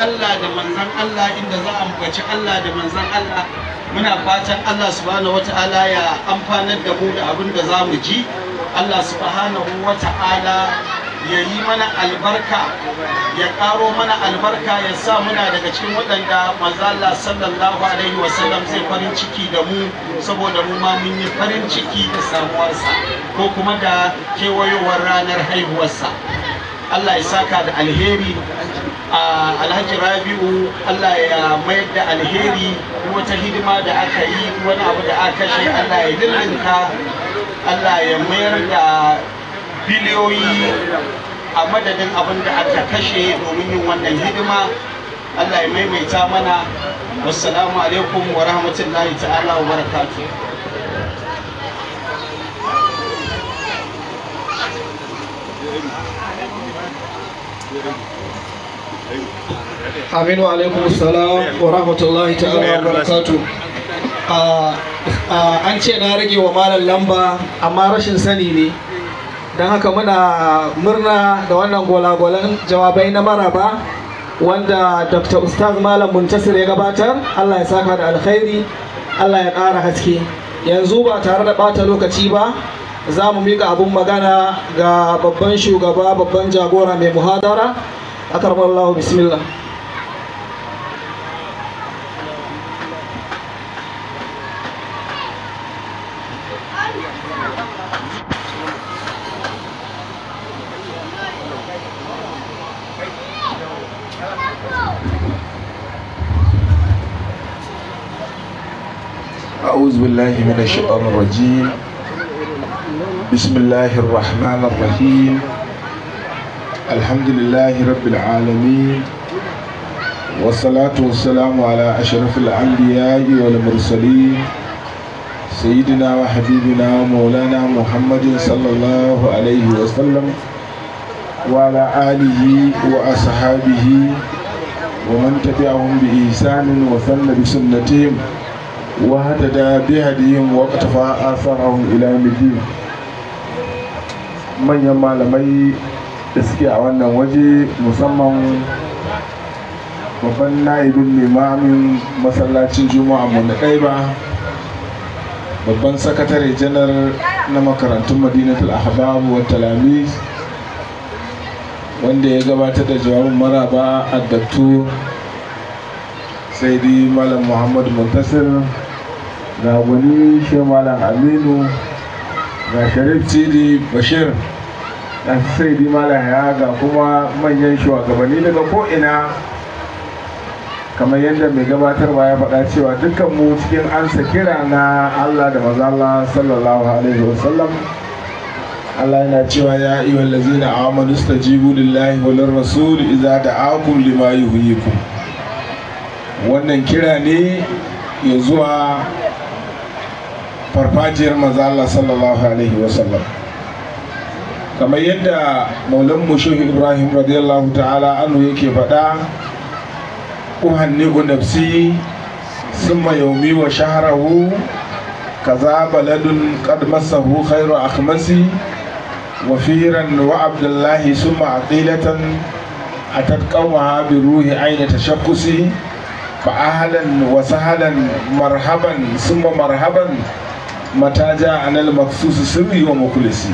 Allah da manzan Allah inda za a ambaci Allah da manzan Allah muna fatan Allah subhanahu wata'ala ya amfanar da mu da abin da za mu ji Allah subhanahu wata'ala ya yi mana albarka ya karo mana albarka ya sa muna daga cikin waɗanda manzan Allah sallallahu alaihi wasallam zai farin ciki da mu saboda mu ma mun yi farin ciki da samuwarsa ko kuma da kewayowar ranar haihuwarsa Allah ya saka da alheri alhaji rabi'u allah ya mayar da alheri wata hidima da aka yi wani abu da aka shi allah ya lullunka allah ya mayar da biliyoyi a madadin abin da aka kashe domin yin wannan hidima allah ya maimaita mana wassalamu alaikum wa rahmatullahi ta'ala wa barakatu. Thank you. aminu alaikum salam wa rahmatullahi ta'ala wa barakatu an ce na rage wa malam lamba amma rashin sani ne don haka muna murna da wannan gwalagwalan jawabai na maraba wanda dr ustaz malam muntasir ya gabatar allah ya saka da alkhairi allah ya ƙara haske yanzu ba tare da ɓata lokaci ba za mu miƙa abin magana ga babban shugaba babban jagora mai muhadara akarmallahu bismillah أعوذ بالله من الشيطان الرجيم بسم الله الرحمن الرحيم الحمد لله رب العالمين والصلاة والسلام على أشرف الأنبياء والمرسلين سيدنا وحبيبنا مولانا محمد صلى الله عليه وسلم وعلى آله وأصحابه ومن تبعهم بإحسان وثن بسنتهم واهتدى بهديهم واقتفى آثارهم إلى يوم الدين manyan malamai da suke a wannan waje musamman babban na'ibin limamin masallacin juma'a mu na ba babban sakatare janar na makarantun madinatul ahbab wa talamis wanda ya gabatar da jawabin maraba a daktu sai dai malam muhammad muntasir ga wani shemalan aminu ga sharif sidi bashir da sai di malaya ga kuma manyan shugabanni daga ko'ina kamar yadda mai gabatarwa ya faɗa cewa dukkan cikin ansa kira na allah da mazala sallallahu alaihi wasallam allah yana cewa ya iya wallazi na amanu su jibu lillahi walar rasul iza da akum lima ku. wannan kira ne ya zuwa farfajiyar maza Allah sallallahu alaihi wasallam kamar yadda maulan mushehu ibrahim radiyallahu ta'ala anu yake faɗa uhanni nafsi summa yaumi wa shaharahu kaza baladun qad massahu khairu akhmasi wa firan wa abdullahi summa aqilatan atat qawmaha bi ruhi aina tashakkusi fa ahlan wa sahlan marhaban summa marhaban Mataja ja anal maksusu sirri wa makulisi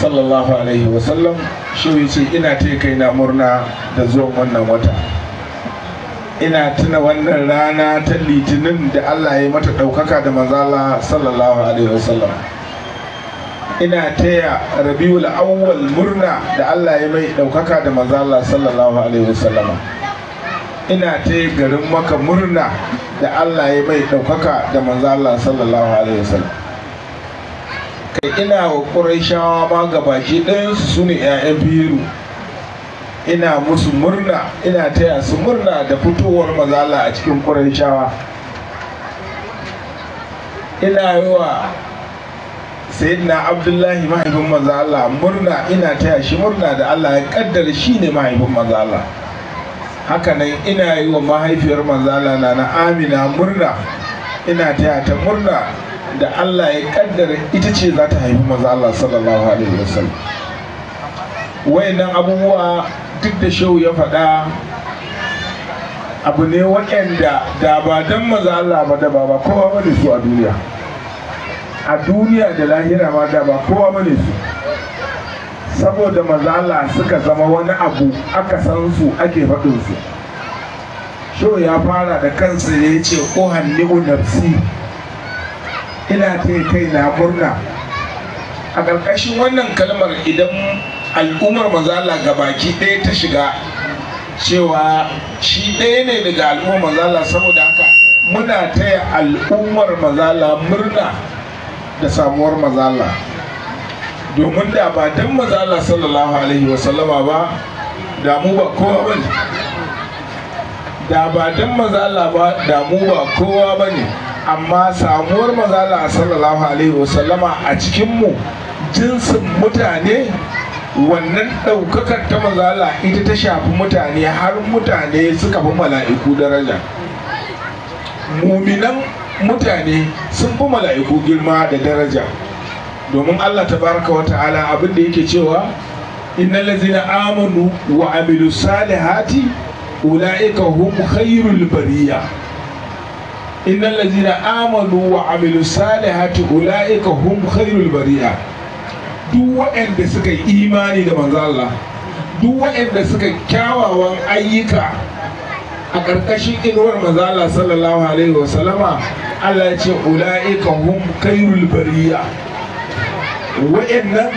sallallahu alaihi wasallam shi ce ina ta kai na murna da zuwan wannan wata ina tuna wannan rana ta litinin da allah ya mata ɗaukaka da mazala sallallahu alaihi wasallam ina taya rabiul awwal murna da allah ya mai ɗaukaka da mazala sallallahu alaihi wasallam ina taya garin maka murna da Allah ya mai ɗaukaka da manzo Allah sallallahu alaihi wasallam kai ina wa ƙurayshawa ma gabashi ɗayansu su ne 'ya'yan biyu ina musu murna ina taya su murna da fitowar mazala a cikin ƙurayshawa ina yi wa sayyidina abdullahi mahaifin mazala murna ina taya shi murna da Allah ya kaddara shi ne mahaifin mazala hakanan ina yi wa mahaifiyar manzala na na amina murna ina taya ta murna da allah ya kaddara ita ce za ta haifi manzala sallallahu alaihi wasallam wayannan abubuwa duk da shehu ya faɗa abu ne waɗanda da ba don maza Allah ba da ba ba kowa bane su a duniya a duniya da lahira ma da ba kowa bane su saboda mazala suka zama wani abu aka san su ake faɗin su sho ya fara da kansa da ya ce ƙohan ni'u nafsi ina ta kai na murna a ƙarƙashin wannan kalmar idan al'ummar mazala ga baki ɗaya ta shiga cewa shi ɗaya ne daga al'ummar mazala saboda haka muna taya al'ummar mazala murna da samuwar mazala domin da ba dan mazala sallallahu alaihi wa ba da mu ba kowa bane da ba dan mazala ba da mu ba kowa ne amma samuwar mazala sallallahu alaihi wasallama a cikin mu jinsin mutane wannan daukakar ta mazala ita ta shafi mutane har mutane suka fi mala'iku daraja muminan mutane sun fi mala'iku girma da daraja domin Allah ta baraka wa ta'ala abin da yake cewa innal ladzina amanu wa amilu salihati ulaika hum khairul bariya innal ladzina amanu wa amilu salihati ulaika hum khairul bariya duk waɗanda suka yi imani da manzo Allah duk waɗanda suka kyawawan ayyuka a ƙarƙashin inuwar manzo Allah sallallahu alaihi wa sallama Allah ya ce ulaika hum khairul bariya wa'annan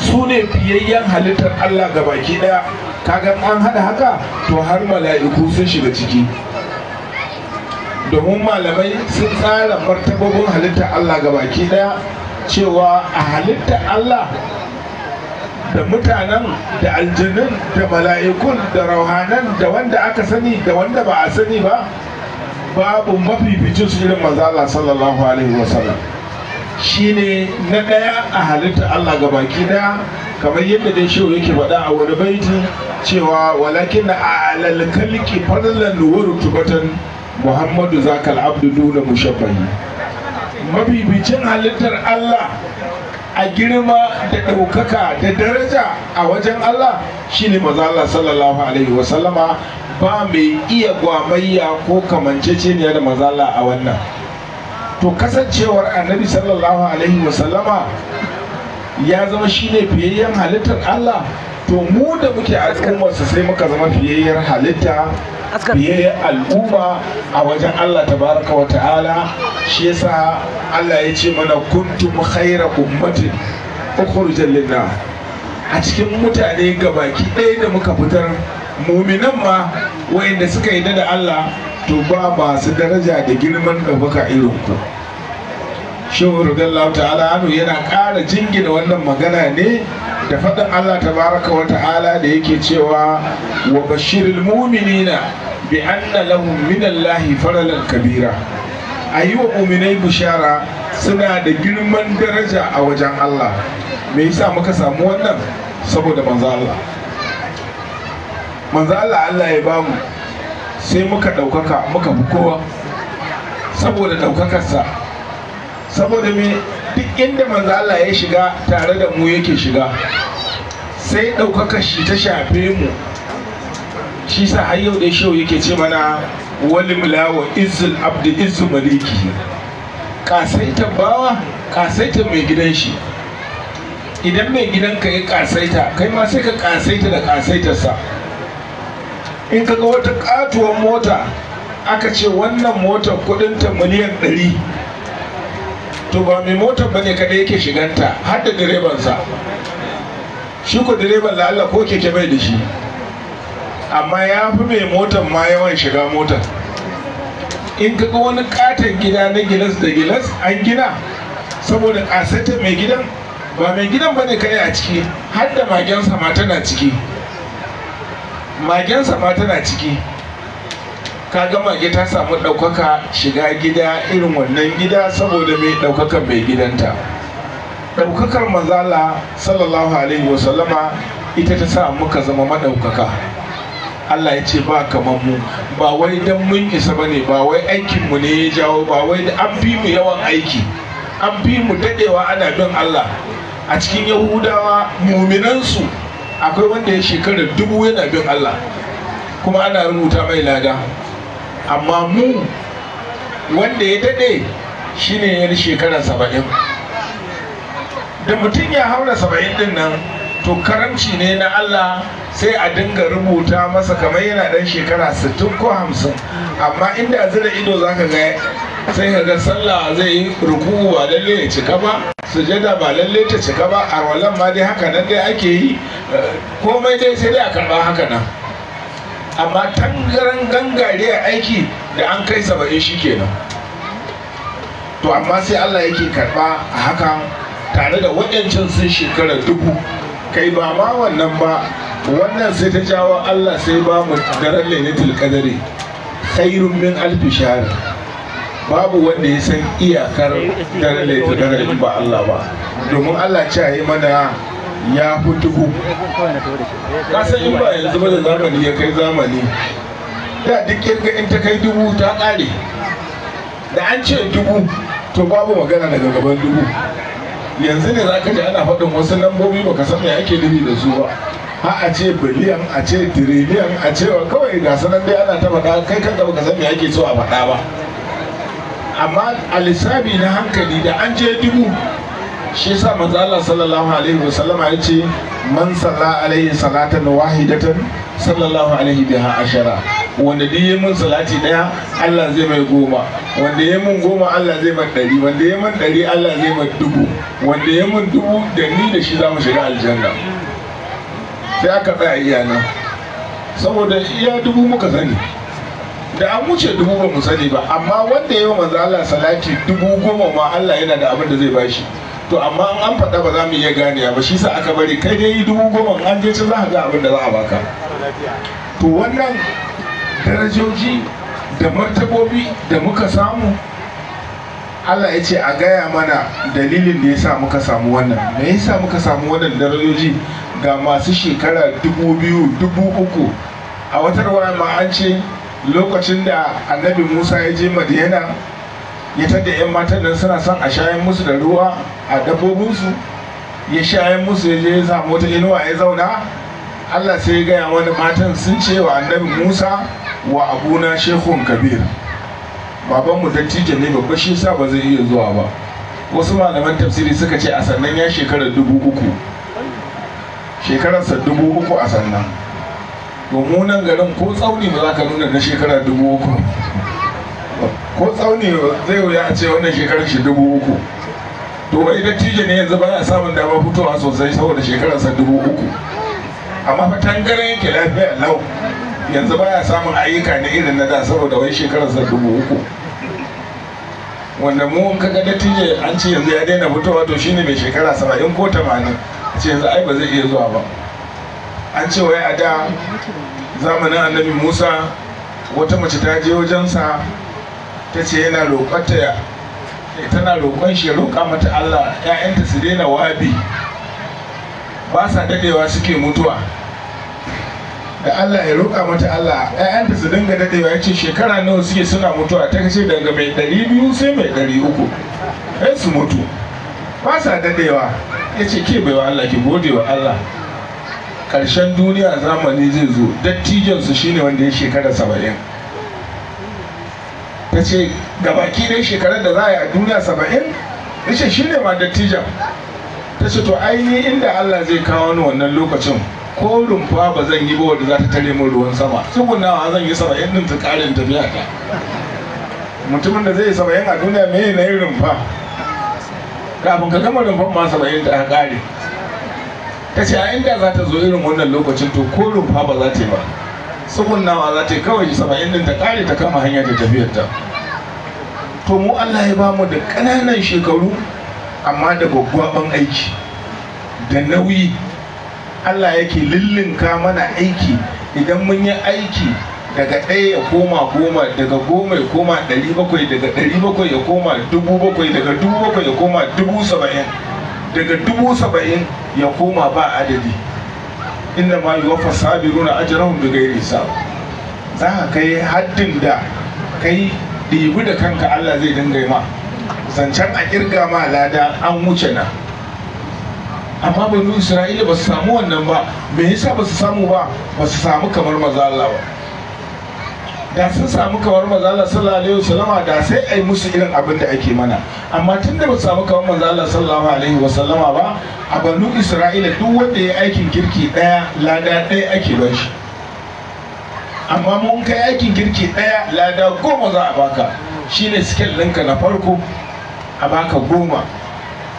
su ne fiyayyen halittar Allah ga baki daya kagan an hada haka to har mala'iku sun shiga ciki domin malamai sun tsara martababin halittar Allah ga baki daya cewa a halittar Allah da mutanen da aljanun da mala'ikun da rauhanan da wanda aka sani da wanda ba a sani ba babu mafificin su irin maza Allah sallallahu alaihi wasallam shine na ɗaya a halitta Allah ga baki ɗaya kamar yadda dai shehu yake faɗa a wani baiti cewa walakin na alal kalki fadlan wa tubatan muhammadu zakal abdu duna mushabbahi mabibicin halittar Allah a girma da ɗaukaka da daraja a wajen Allah shine maza Allah sallallahu alaihi wasallama ba mai iya gwamayya ko kamanceceniya da mazala a wannan to kasancewar annabi sallallahu alaihi wasallama ya zama shine fiyayyen halittar Allah to mu da muke al'ummarsa sai muka zama fiyayyar halitta fiyayyar al'umma a wajen Allah tabaraka wa ta'ala shi yasa Allah ya ce mana kuntum khaira ummatin ukhrijal a cikin mutane gabaki ɗaya da muka fitar muminan ma wayanda suka yi da Allah to ba masu daraja da girman ɗaukaka irin ku shehu radiyallahu ta'ala anu yana ƙara jingina wannan magana ne da faɗin Allah tabaraka wa ta'ala da yake cewa wa bashiril mu'minina bi anna lahum min faralan kabira ayi wa mu'minai bishara suna da girman daraja a wajen Allah me yasa muka samu wannan saboda manzo Allah Allah Allah ya bamu sai muka ɗaukaka muka fi kowa saboda ɗaukakarsa saboda me duk inda manzo Allah ya shiga tare da mu yake shiga sai ɗaukakar shi ta shafe mu shi sa har yau da yau yake ce mana wani mulawa izul abdu izul, maliki kasaita bawa kasaita mai gidan shi idan mai gidan ka ya kasaita kai ma sai ka kasaita da kasaitarsa in ka ga wata katuwar mota aka ce wannan motar ta miliyan 100 to ba mai motar bane kada yake shiganta har da direbansa shi ko direban Allah ko keke bai da shi amma ya fi mai motar ma yawan shiga motar in ka ga wani katon gida na gilas da gilas an gina saboda kasata mai gidan ba mai gidan bane kai a ciki har da magensa ma tana ciki magensa ma tana ciki kaga mage ta samu ɗaukaka shiga gida irin wannan gida saboda mai ɗaukakar mai gidanta ɗaukakar mazala sallallahu alaihi wasallama ita ta sa muka zama maɗaukaka Allah ya ce ba kamar mu ba wai dan mun isa bane ba wai aikin mu ne ya jawo ba wai an fi mu yawan aiki an fi mu dadewa ana bin Allah a cikin Yahudawa muminansu su akwai wanda ya shekarar dubu yana bin Allah kuma ana rubuta mai lada amma mu wanda ya daɗe shine ya shekara saba'in da mutum ya haura saba'in din nan to karamci ne na Allah sai a dinga rubuta masa kamar yana dan shekara 60 ko 50 amma inda zira ido zaka ga sai ka ga sallah zai yi ruku'u ba lalle ya cika ba sujada ba lalle ta cika ba a wallan ma dai haka nan dai ake yi komai dai sai dai a karba haka nan amma tangaran gangare aiki da an kai saba'in shi kenan to amma sai Allah yake karba a hakan tare da waɗancan sun shekara dubu kai ba ma wannan ba wannan sai ta jawo Allah sai ba mu daren lailatul qadari khairun min alfi shahr babu wanda ya san iyakar daren lailatul qadari ba Allah ba domin Allah ya yi mana ya fi dubu san in ba yanzu ba da zamani ya kai zamani da duk kirga in ta kai dubu ta kare da an ce dubu to babu magana daga gaban dubu yanzu ne zaka ji ana faɗin wasu lambobi baka san me ake nufi da su ba ha a ce biliyan a ce tiriliyan a ce kawai ga sanan dai ana ta faɗa kai kanka baka san me ake so a faɗa ba amma a lissafi na hankali da an je dubu shi sa manzo Allah sallallahu alaihi wasallama ya ce man salla alaihi salatan wahidatan sallallahu alaihi biha ashara wanda duk yi mun salati daya Allah zai mai goma wanda yi mun goma Allah zai mai dari wanda yi mun dari Allah zai mai dubu wanda yi mun dubu da ni da shi za mu shiga aljanna sai aka tsaya iya nan saboda iya dubu muka sani da an wuce dubu ba mu sani ba amma wanda yi wa manzo Allah salati dubu goma ma Allah yana da abin da zai bashi to amma an faɗa ba za mu iya gane ba shi sa aka bari kai dai dubu goma an je can za a ga abin da za a baka to wannan darajoji da martabobi da muka samu Allah ya ce a gaya mana dalilin da ya sa muka samu wannan me ya sa muka samu wannan darajoji ga masu shekara dubu biyu dubu uku a wata rawaya ma an ce lokacin da annabi musa ya je madiyana ya tada yan matan nan suna son a shayan musu da ruwa a dabbobinsu ya shayan musu ya je samu wata inuwa ya zauna Allah sai ya gaya wani matan sun ce wa annabi Musa wa abuna shehun kabir babanmu dattijo ne babba shi sa ba zai iya zuwa ba wasu malaman tafsiri suka ce a sannan ya shekarar dubu uku shekararsa dubu uku a sannan domin nan garin ko tsauni ba za ka nuna na shekara dubu uku ko tsauni zai wuya a ce wannan shekarar shi dubu uku to wai tije ne yanzu baya samun dama fitowa sosai saboda sa dubu uku amma fa tangaren yake lafiya lau yanzu baya samun ayyuka na irin na da saboda wai sa dubu uku wanda mu ka ga tije an ce yanzu ya daina fitowa to shine mai shekara saba'in ko tamanin ce yanzu ai ba zai iya zuwa ba an ce wai a da zamanin annabi musa wata mace ta je wajensa ta ce yana roƙonta ya eh, tana roƙon shi ya roƙa mata Allah ‘ya'yanta su daina wabi ba sa dadewa suke mutuwa da Allah ya roƙa mata Allah ‘ya'yanta su dinga dadewa ya ce shekara nawa suke suna mutuwa ta ce daga mai ɗari biyu sai mai ɗari uku ɗan su mutu ba sa dadewa ya ce ke baiwa Allah ki gode wa Allah ƙarshen duniya zamani zai zo dattijansu shine wanda ya shekara saba'in ta ce gabaki dai shekarar da za a yi a duniya saba'in ta ce shi ne ma dattijan ta ce to aini inda allah zai kawo ni wannan lokacin ko rumfa ba zan yi ba wadda za ta tare min ruwan sama tsugunawa zan yi saba'in din ta karin tafiya ta mutumin da zai yi saba'in a duniya me na yi rumfa kafin ka gama rumfan ma saba'in ta kare ta ce a inda za ta zo irin wannan lokacin to ko rumfa ba za ta yi ba tsugunnawa za ta yi kawai saba'in din ta kare ta kama hanya ta tafiyar ta to mu Allah ya bamu da ƙananan shekaru amma da gwaggwaban aiki da nauyi Allah yake lullunka mana aiki idan mun yi aiki daga ɗaya ya koma goma daga goma ya koma ɗari bakwai daga ɗari bakwai ya koma dubu bakwai daga dubu bakwai ya koma dubu saba'in daga dubu saba'in ya koma ba adadi inda ma yi wafa sabiruna ajrahum bi ghairi sa za ka kai haddin da kai ɗibu da kanka Allah zai dinga ma zancen a ƙirga ma lada an wuce na amma banu isra'ila ba su samu wannan ba me yasa ba su samu ba ba su samu kamar maza Allah ba da sun samu kawar manzo sallallahu alaihi wasallama da sai ai musu irin abin da ake mana amma tun da ba su samu kawar manzo sallallahu alaihi wasallama ba a banu Isra'ila duk wanda ya aikin kirki daya lada daya ake ba shi amma mun kai aikin kirki daya lada goma za a baka shine skill ɗinka na farko a baka goma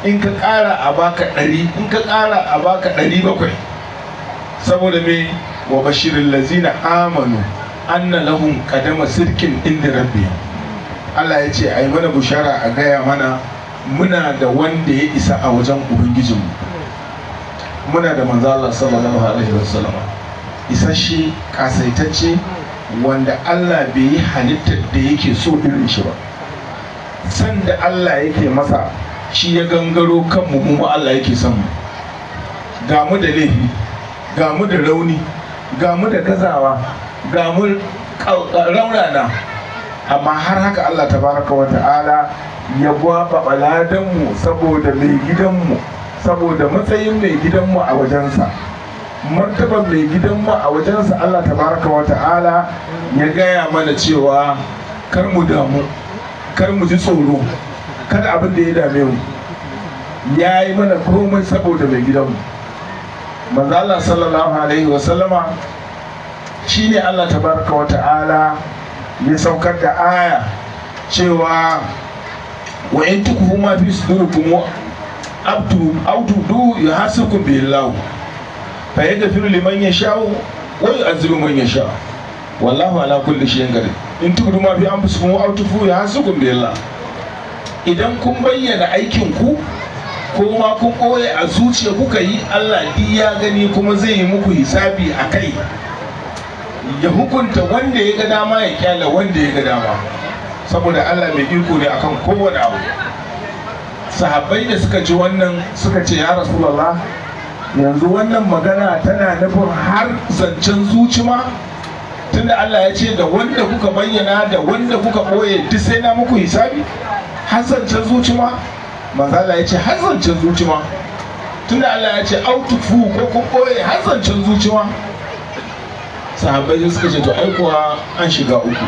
in ka kara a baka ɗari in ka kara a baka ɗari bakwai saboda me wa bashirin lazina amanu anna lahum kadama sirkin inda rabbi Allah ya ce ai mana bushara a gaya mana muna da wanda ya isa a wajen ubangijinmu muna da manzo Allah sallallahu alaihi wasallam isasshe kasaitacce wanda Allah bai yi halittar da yake so irin shi ba san da Allah yake masa shi ya gangaro kanmu kuma Allah yake son mu ga mu da laifi ga mu da rauni ga mu da gazawa ga mun raunana amma har haka Allah baraka wa ta'ala ya gwaba baladanmu saboda mai gidanmu saboda matsayin mai gidanmu a wajensa martaban mai gidanmu a wajensa Allah baraka wa ta'ala ya gaya mana cewa kar mu damu kar mu ji tsoro kada abin da ya dame mu ya yi mana komai saboda mai gidanmu manzo Allah sallallahu alaihi wa sallama Shi ne Allah tabaraka wa ta'ala ya saukar da aya cewa wa in tukhu ma fi sudurikum abtu autu du yuhasikum billah fa firu liman yasha'u wa yu'azzibu man sha wallahu ala kulli shay'in gari. in tukhu ma fi anfusikum autu fu yuhasikum billah idan kun bayyana aikin ku ko ma kun koye a zuciya kuka yi Allah ya gani kuma zai yi muku hisabi a kai ya hukunta wanda ya ga dama ya kyala wanda ya ga dama saboda Allah mai iko ne akan kowane abu sahabbai da suka ji wannan suka ce ya rasulullah yanzu wannan magana tana nufin har zancen zuci ma tunda Allah ya ce da wanda kuka bayyana da wanda kuka ɓoye duk sai na muku hisabi har zancen zuci ma Allah ya ce har zancen zuci ma tunda Allah ya ce autufu ko kun ɓoye har zancen zuci ma sahabbai suka ce to kuwa an shiga uku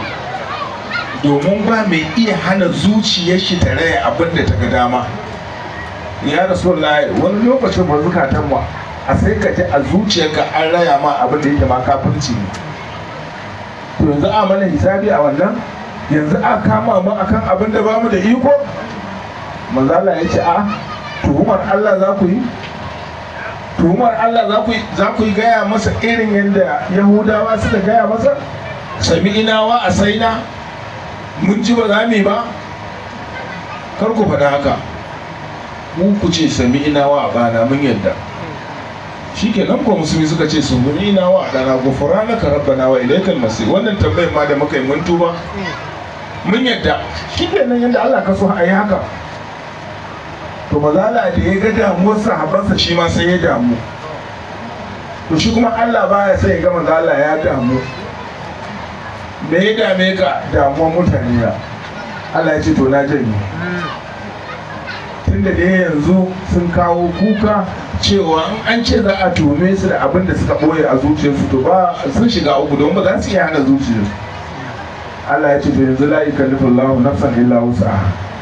domin ba mai iya hana zuciyar shi ta raya abin da ta ga dama ya rasulullahi wani lokacin ba zukatan mu a sai ka ji a zuciyarka an raya ma abin da yake ma kafirci ne to yanzu a mana hisabi a wannan yanzu a kama mu akan abin da ba mu da iko manzala ya ce a tuhumar Allah za ku yi tuhumar Allah za ku gaya masa irin yadda yahudawa suka gaya masa sami inawa a saina mun ji ba za mu ba kar ku faɗa haka mu ku ce sami inawa a bana mun yadda shi ke nan kuwa musulmi suka ce sun guni inawa a ɗana gufura na karabba na wa ilaikal masu wannan tambayin ma da muka yi mun tuba mun yadda shi ke nan yadda Allah ka so a yi haka to mazala da ya ga damuwar sahabbansa shi ma sai ya damu to shi kuma Allah baya sai ya ga mazala ya damu me ya dame ka damuwar mutane ya Allah ya ce to na janye tunda da yanzu sun kawo kuka cewa an ce za a tume su da abin da suka boye a zuciyarsu to ba sun shiga uku don ba za su iya hana zuciyarsu Allah ya ce to yanzu la yukallifu nafsan illa wus'aha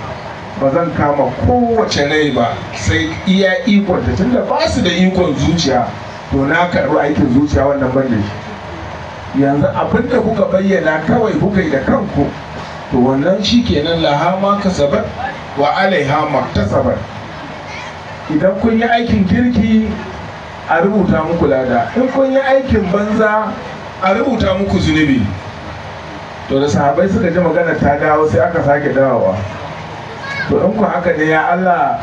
ba zan kama kowace rai ba sai iya ikon ta tunda ba su da ikon zuciya to na karɓi aikin zuciya wannan ban da shi yanzu abin da kuka bayyana kawai kuka yi da kanku to wannan shi kenan lahama ka sabar wa hama ta sabar idan kun yi aikin kirki a rubuta muku lada in kun yi aikin banza a rubuta muku zunubi to da sahabai suka ji magana ta dawo sai aka sake dawowa to in ku haka ne ya Allah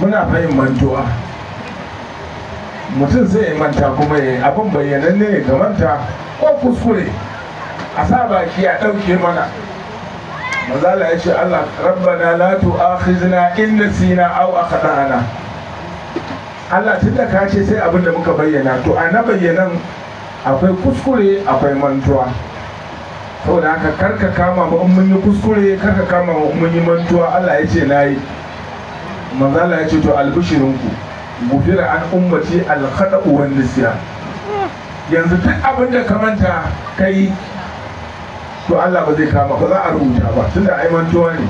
muna fahim mantuwa mutum zai manta kuma ya abin bayyananne ne ga manta ko kuskure a sa baki a ɗauke mana mazala ya ce Allah rabbana la tu'akhizna in nasina aw akhtana Allah tun da ka ce sai abin da muka bayyana to a na bayyanan akwai kuskure akwai mantuwa saboda haka karka kama ba in mun yi kuskure karka kama ba in mun yi mantuwa Allah ya ce na yi manzo Allah ya ce to albishirinku gufira an ummati alkhata wa wan yanzu duk abin da ka manta kai to Allah ba zai kama ba za a rubuta ba tunda ai mantuwa ne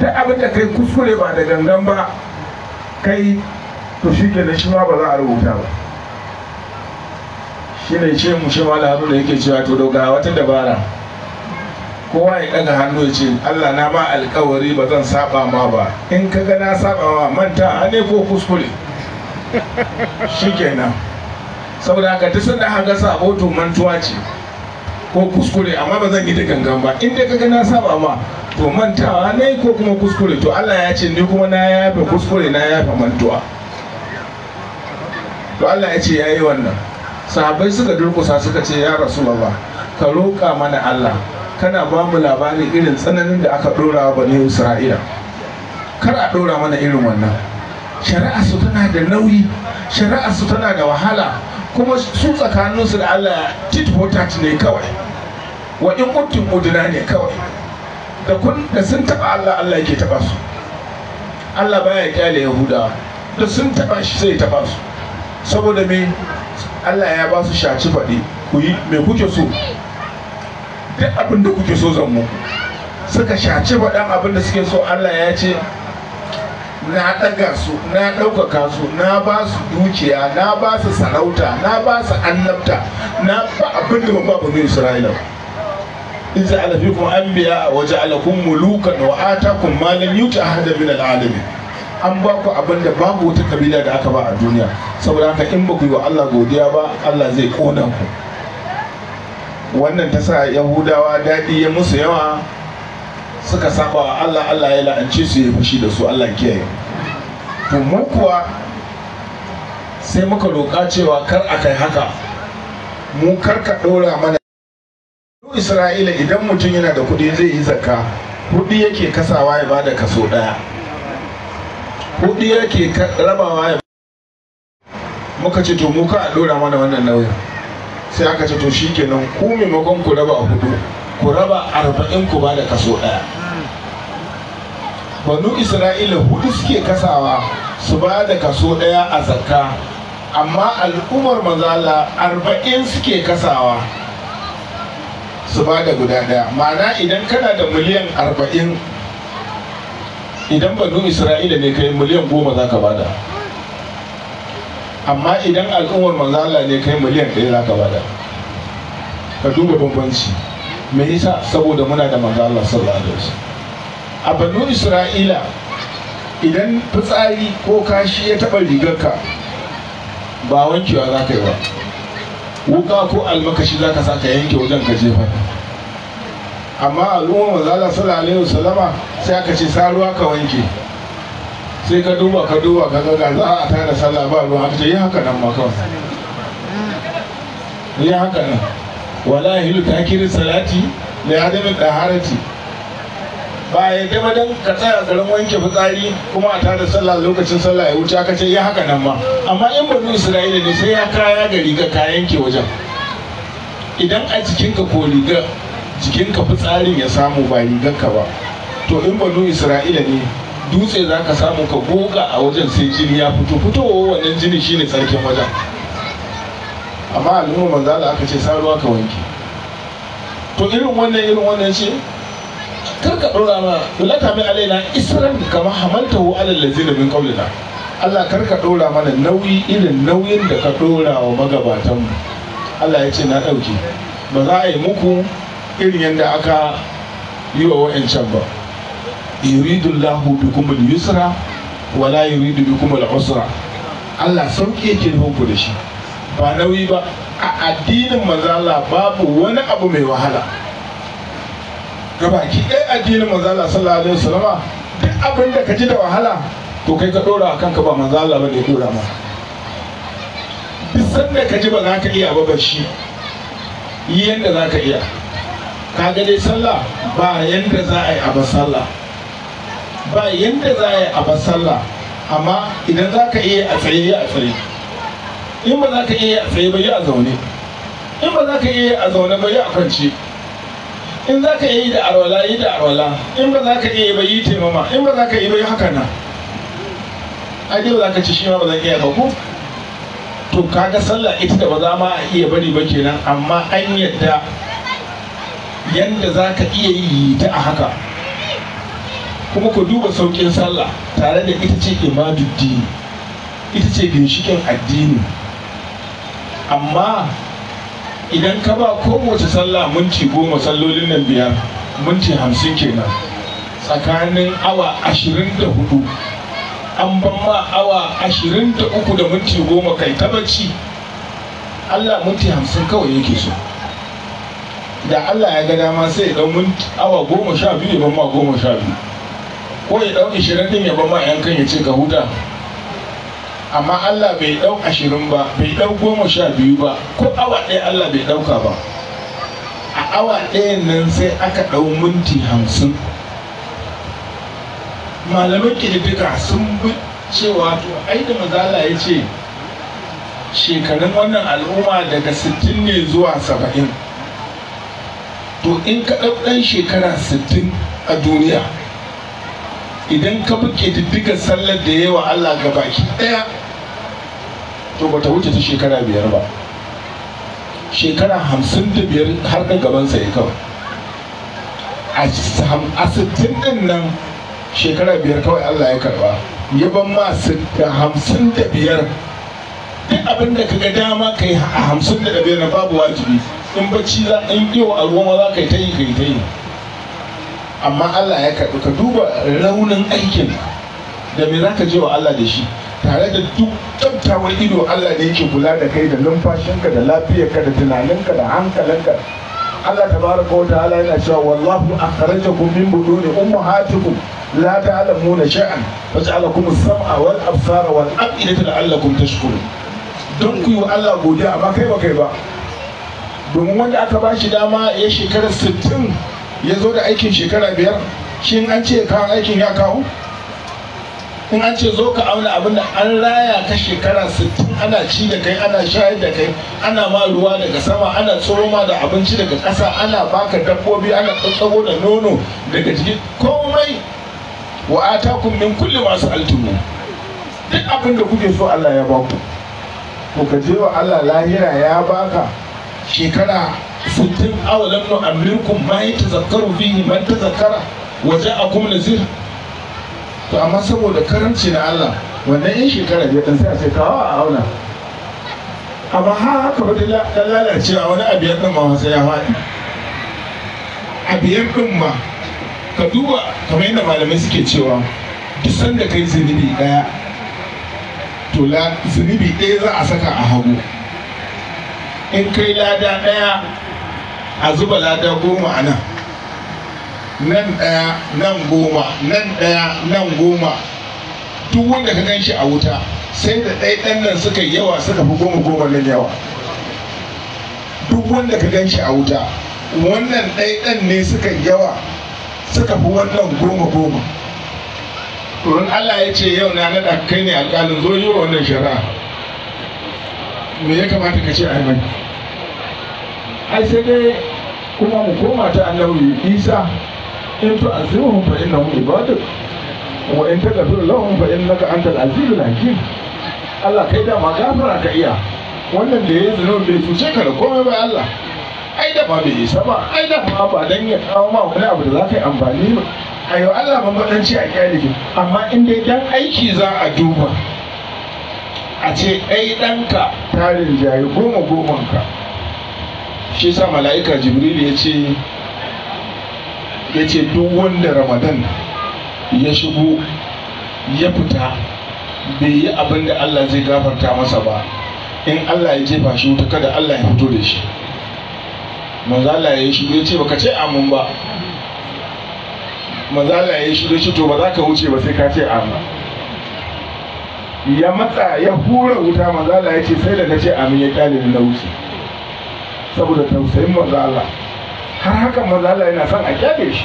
duk abin da kai kuskure ba da gangan ba kai to shi na shi ma ba za a rubuta ba shi ne ce mu shi mala hannu da yake cewa to daga wata dabara kowa ya ɗaga hannu ya ce allah na ma alkawari ba zan saba ma ba in ka ga na saba ma manta a ne ko kuskure shi kenan saboda haka duk sanda haka sabo to mantuwa ce ko kuskure amma ba zan yi da gangan ba in dai kaga na saba ma to mantawa ne ko kuma kuskure to Allah ya ce ni kuma na yafe kuskure na yafe mantuwa to Allah ya ce yayi wannan sahabai suka durkusa suka ce ya ba. ka roƙa mana Allah kana ba mu labarin irin tsananin da aka ɗora wa bani isra'ila kar a ɗora mana irin wannan shari'a su tana da nauyi shari'a su tana da wahala kuma su tsakaninsu da Allah tit ne kawai wa in kuntum udna ne kawai da kun da sun taba Allah Allah yake taba su Allah baya kyale Yahudawa da sun taba shi sai taba su saboda me Allah ya ba su shaci faɗi ku yi me kuke so duk abin da kuke so zan muku suka shaci faɗan abin da suke so Allah ya ce na ɗaga su na ɗaukaka su na ba su dukiya na ba su sarauta na ba su annabta na ba abin da ba bani isra'ila in za a lafi kuma an biya a waje alakun mulukan wa atakum kun yuta ahada min al'alamin an ba ku abin da babu wata kabila da aka ba a duniya saboda haka in ba ku yi wa Allah godiya ba Allah zai kona ku wannan ta sa yahudawa daɗi ya musu yawa suka saba wa Allah Allah ya la'ance su ya fushi da su Allah kiyaye to mu kuwa sai muka roƙa cewa kar a kai haka mu kar ka ɗora mana Isra'ila idan mutum yana da kuɗi zai yi zakka kuɗi yake kasawa ya bada kaso ɗaya kuɗi yake rabawa ya muka ce to muka a ɗora mana wannan nauyin sai aka ce to shikenan ku ku makon ku raba a hudu ku raba arba'in ku bada kaso ɗaya banu isra'ila hudu suke kasawa su ba da kaso ɗaya a zakka amma al'ummar mazala arba'in suke kasawa su ba da guda ɗaya ma'ana idan kana da miliyan arba'in idan banu isra'ila ne kai miliyan goma za ka bada amma idan al'ummar manzala ne kai miliyan ɗaya za ka bada ka duba bambanci me yasa saboda muna da manzala sallallahu alaihi wasallam a banu isra'ila idan fitsari ko kashi ya taɓa rigarka ba wankewa za ka yi ba wuka ko almakashi za ka sa ka yanke wajen ka jefa amma al'ummar manzala sallallahu alaihi wasallama sai aka ce sa ruwa ka wanke sai ka duba ka duba ka ga za a tada sallah ba ruwa aka ce yi haka nan ma kawai yi haka nan wala hilu kiri salati mai adamin ɗaharati ba ya gaba don ka tsaya garin wanke fitsari kuma a tada sallah lokacin sallah ya wuce aka ce yi haka nan ma amma in banu isra'ila ne sai ya kaya ga riga ka yanke wajen idan a jikinka ko riga jikinka fitsarin ya samu ba rigar ka ba to in banu isra'ila ne dutse za ka samu ka goga a wajen sai jini ya fito fito wannan jini shine sarkin wajen amma al'umma manzala aka ce sa ruwa ka wanke to irin wannan irin wannan ce kar ka ɗora ma lata min alaina isran kama hamaltahu alal ladzina min qablina Allah kar ka ɗora mana nauyi irin nauyin da ka dora wa magabatanmu Allah ya ce na dauke ba za a yi muku irin yadda aka yi wa wa'ancan ba يريد الله بكم wala ولا يريد بكم Allah sauki yake nufin ku da shi ba nauyi ba a addinin mazala babu wani abu mai wahala gabaki ɗaya addinin mazala sallallahu alaihi wasallama duk abin da ka ji da wahala to kai ka ɗora a kanka ba mazala ba ne dora ma duk sanda ka ji ba za ka iya ba ba shi yi yadda za ka iya ka ga dai sallah ba yanda za a yi a ba sallah ba yadda za a yi a sallah amma idan za ka iya a tsaye ya a tsaye in ba za ka iya a tsaye ba yi a zaune in ba za ka iya a zaune ba yi a kwanci in za ka yi da arwala yi da arwala in ba za ka iya ba yi taimama in ba za ka yi ba yi haka nan ai ba za ka ci shi ma ba zan iya ba ko to kaga sallah ita da ba za ma a iya bari ba kenan amma an yadda yadda za ka iya yi ta a haka kuma ku duba sauƙin sallah tare da ita ce imaduddini ita ce ginshikin addini amma idan ka ba kowace sallah minti goma sallolin nan biyar minti hamsin kenan tsakanin awa ashirin da hudu an ban ma awa ashirin da uku da minti goma kai ta bacci allah minti hamsin kawai yake so da allah ya ga dama sai ya awa goma sha biyu ya ban ma goma sha biyu ko ya ɗau ashirin ɗin ya ba ma yankan ya ce ga huta amma Allah bai ɗau ashirin ba bai ɗau goma sha biyu ba ko awa ɗaya Allah bai ɗauka ba a awa ɗayan nan sai aka ɗau minti hamsin malamai ƙididdiga sun bi cewa to ai da mazala ya ce shekarun wannan al'umma daga sittin ne zuwa saba'in to in ka ɗau ɗan shekara sittin a duniya idan ka buke diddigar sallar da yawa Allah ga baki ɗaya to bata wuce ta shekara biyar ba shekara hamsin da biyar har da gabansa ya kawai a sittin din nan shekara biyar kawai Allah ya karba ya ban ma hamsin da biyar duk abin da ka ga dama ka yi a hamsin da biyar na babu wajibi in bacci za in yi wa alwoma za ka yi ta yi ka yi ta yi amma Allah ya karɓi ka duba raunin aikin da me zaka je wa Allah da shi tare da duk kyautawar ido Allah ne yake kula da kai da numfashinka da lafiyarka da tunaninka da hankalinka Allah tabaraka wa ta'ala yana cewa wallahu akhrajakum min buduni ummahatikum la ta'lamuna shay'an faj'alakum as-sam'a wal absara wal af'idata la'allakum tashkurun don ku yi wa Allah godiya amma kai ba kai ba domin wanda aka ba shi dama ya shekara sittin. ya zo da aikin shekara biyar shi an ce kawo aikin ya kawo in an ce zo ka auna abin da an raya ka shekara 60 ana ci da kai ana shayar da kai ana ma ruwa daga sama ana tsoro ma da abinci daga ƙasa ana baka dabbobi ana tsatsago da nono daga jiki komai wa atakum min kulli masu altumu duk abin da kuke so Allah ya baku ku ka je wa Allah lahira ya baka shekara sittin awalam nu amirkum ta yatazakkaru fihi man ta waje a waja'akum nazir to amma saboda karanci na Allah wannan yan shekara biyar ɗan sai a sai kawo a auna amma haka ba ta lalace a wani abiyar ɗin ma sai ya faɗi abiyar ɗin ma ka duba kamar yadda malamai suke cewa duk sanda kai zunubi ɗaya to zunubi ɗaya za a saka a hagu in kai lada ɗaya a zuba lada goma a nan nan ɗaya nan goma nan ɗaya nan goma duk wanda ka ganshi a wuta sai da ɗai ɗan nan suka yawa suka fi goma goma nan yawa duk wanda ka ganshi a wuta wannan ɗai ɗan ne suka yawa suka fi wannan goma goma turin allah ya ce yau na naɗa kai ne alƙalin zo yi wa wannan shari'a me ya kamata ka ce a ai sai dai kuma mu koma ta annabi isa in to azimuhum fa innahum ibaduk wa in tagfir lahum fa innaka antal azizul hakim Allah kai da magafara gafara ka iya wannan da ya zuwa bai cuce ka da komai ba Allah ai da ba bai isa ba ai da ba ba dan ya kawo ma wani abu da za ka yi amfani ba ayo Allah ban badanci a ki amma in dai dan aiki za a duba a ce ai ɗanka tarin jayi goma gomanka shi sa mala'ika jibril ya ce ya ce duk wanda ramadan ya shigo ya fita bai yi abin da allah zai gafarta masa ba in allah ya jefa shi wuta kada allah ya fito da shi manzala ya shigo ya ce baka ce amin ba manzala ya shigo ya ce to ba za ka wuce ba sai ka ce amin ya matsa ya hura wuta manzala ya ce sai da na ce amin ya kyale na wuce saboda tausayin mazala, har haka mazala yana son a kyale shi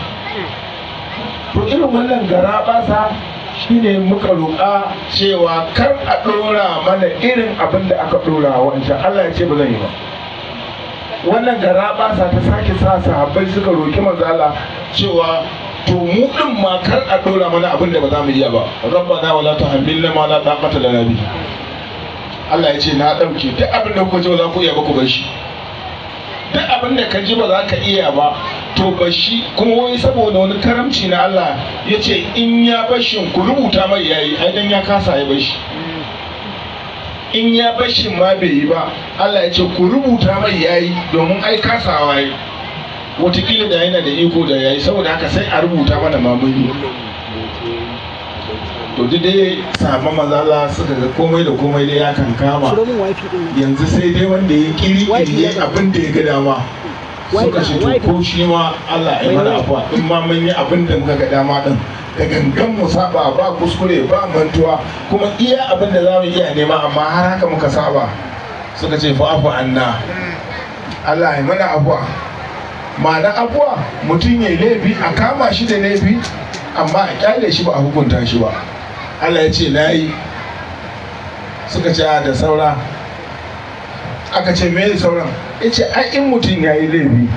to irin wannan gara basa shine muka roƙa cewa kar a ɗora mana irin abin da aka ɗora wa wancan Allah ya ce ba zan yi ba wannan gara basa ta sake sa sahabbai suka roƙi mazala, cewa to mu ɗin ma kar a ɗora mana abin da ba za mu iya ba rabbana wala tahmilna ma la taqata lana bi Allah ya ce na ɗauke duk abin da kuka ce ba za ku iya ba ku bar shi duk abin da ka ji ba za ka iya ba to ba shi kuma wai saboda wani karamci na Allah ya ce in ya bashin ku rubuta mai yayi ai dan ya kasa ya bashi in ya bashin ma bai yi ba Allah ya ce ku rubuta mai yayi domin ai kasawa yi watakila da yana da iko da yayi saboda haka sai a rubuta mana mamuni to duk dai sahabban mazala suka ga komai da komai dai ya kan kama yanzu sai dai wanda ya kiri kiri abin da ya ga dama suka ce to ko shi ma Allah ya mana afuwa in ma mun yi abin da muka ga dama din da gangan mu saba ba kuskure ba mantuwa kuma iya abin da za mu iya nema amma har haka muka saba suka ce fa'afu anna Allah ya mana afuwa ma'ana abuwa mutum ya laifi a kama shi da laifi amma a kyale shi ba a hukunta shi ba allah ya ce na yi suka ce da saura aka ce me sauran ya ce in mutum ya yi laifi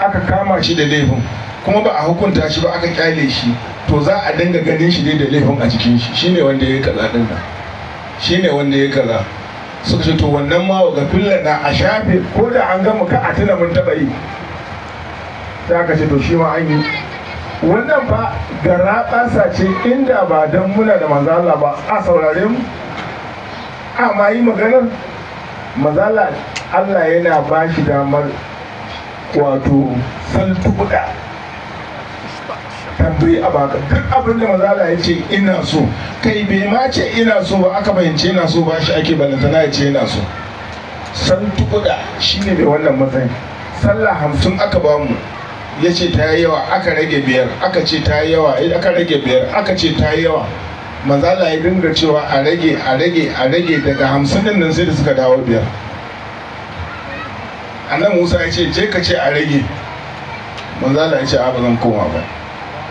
aka kama shi da laifin kuma ba a hukunta shi ba aka kyale shi to za a dinga ganin shi dai da laifin a cikin shi shine wanda ya kaza din nan shine wanda ya kaza suka ce to wannan ma ga fillan na a shafe ko da an gama ka a tuna mun taba yi sai aka ce to shi ma an yi wannan ba gara ƙasa ce inda ba don muna da mazala ba a saurare mu amma yi maganar mazala allah yana ba shi damar wato saltuɗa tambayi a baka duk abin da mazala ya ce ina so kai bai ma ce ina so ba aka bayyance ina so ba shi ake balantana ya ce ina so shi shine mai wannan matsayin sallah hamsin aka bamu ya ce ta yi yawa aka rage biyar aka ce ta yi yawa eh, aka rage biyar aka ce ta yi yawa manzala ya dinga cewa a rage a rage a rage daga hamsin din nan sai da suka dawo biyar annan musa ya ce je ka ce a rage manzala ya ce a ba zan koma ba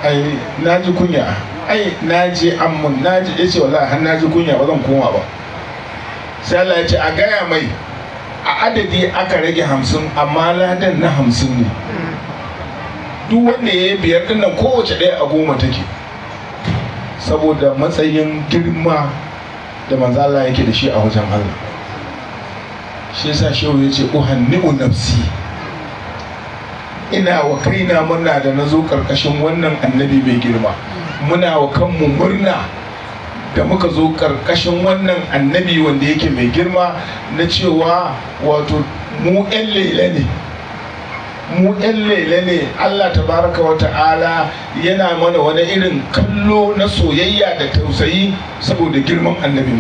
ai na ji kunya ai na ji ammun na ji ya ce wallahi har na ji kunya ba zan koma ba sai Allah ya ce a gaya mai a adadi aka rage hamsin amma ladan na hamsin ne duk wanda ya yi biyar dinnan kowace ɗaya a goma take saboda matsayin girma da Manzala yake da shi a wajen Allah shi yasa shehu ya ce uhanni'u nafsi ina wa kaina muna da na karkashin wannan annabi mai girma muna wa kanmu murna da muka zo karkashin wannan annabi wanda yake mai girma na cewa wato mu 'yan lele ne mu yan lele ne Allah tabaraka wa ta'ala yana mana wani irin kallo na soyayya da tausayi saboda girman annabin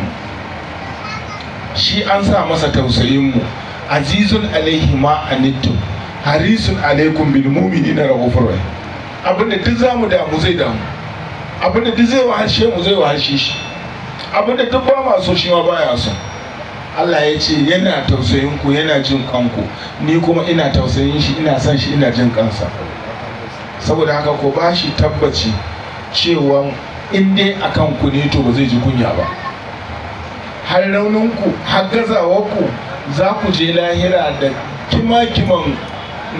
shi an sa masa tausayin mu azizun alaihi ma anittu harisun alaikum bil mu'minina rahufur rahim abinda duk zamu damu zai damu abinda duk zai harshe mu zai harshe shi abinda duk ba ma so shi ma baya so Allah ya ce yana tausayin ku yana jin kanku ni kuma ina tausayin shi ina san shi ina jin kansa saboda haka ko ba shi tabbaci cewa in dai akan ku ne to ba zai ji kunya ba har rauninku har gazawarku za ku je lahira da kimakiman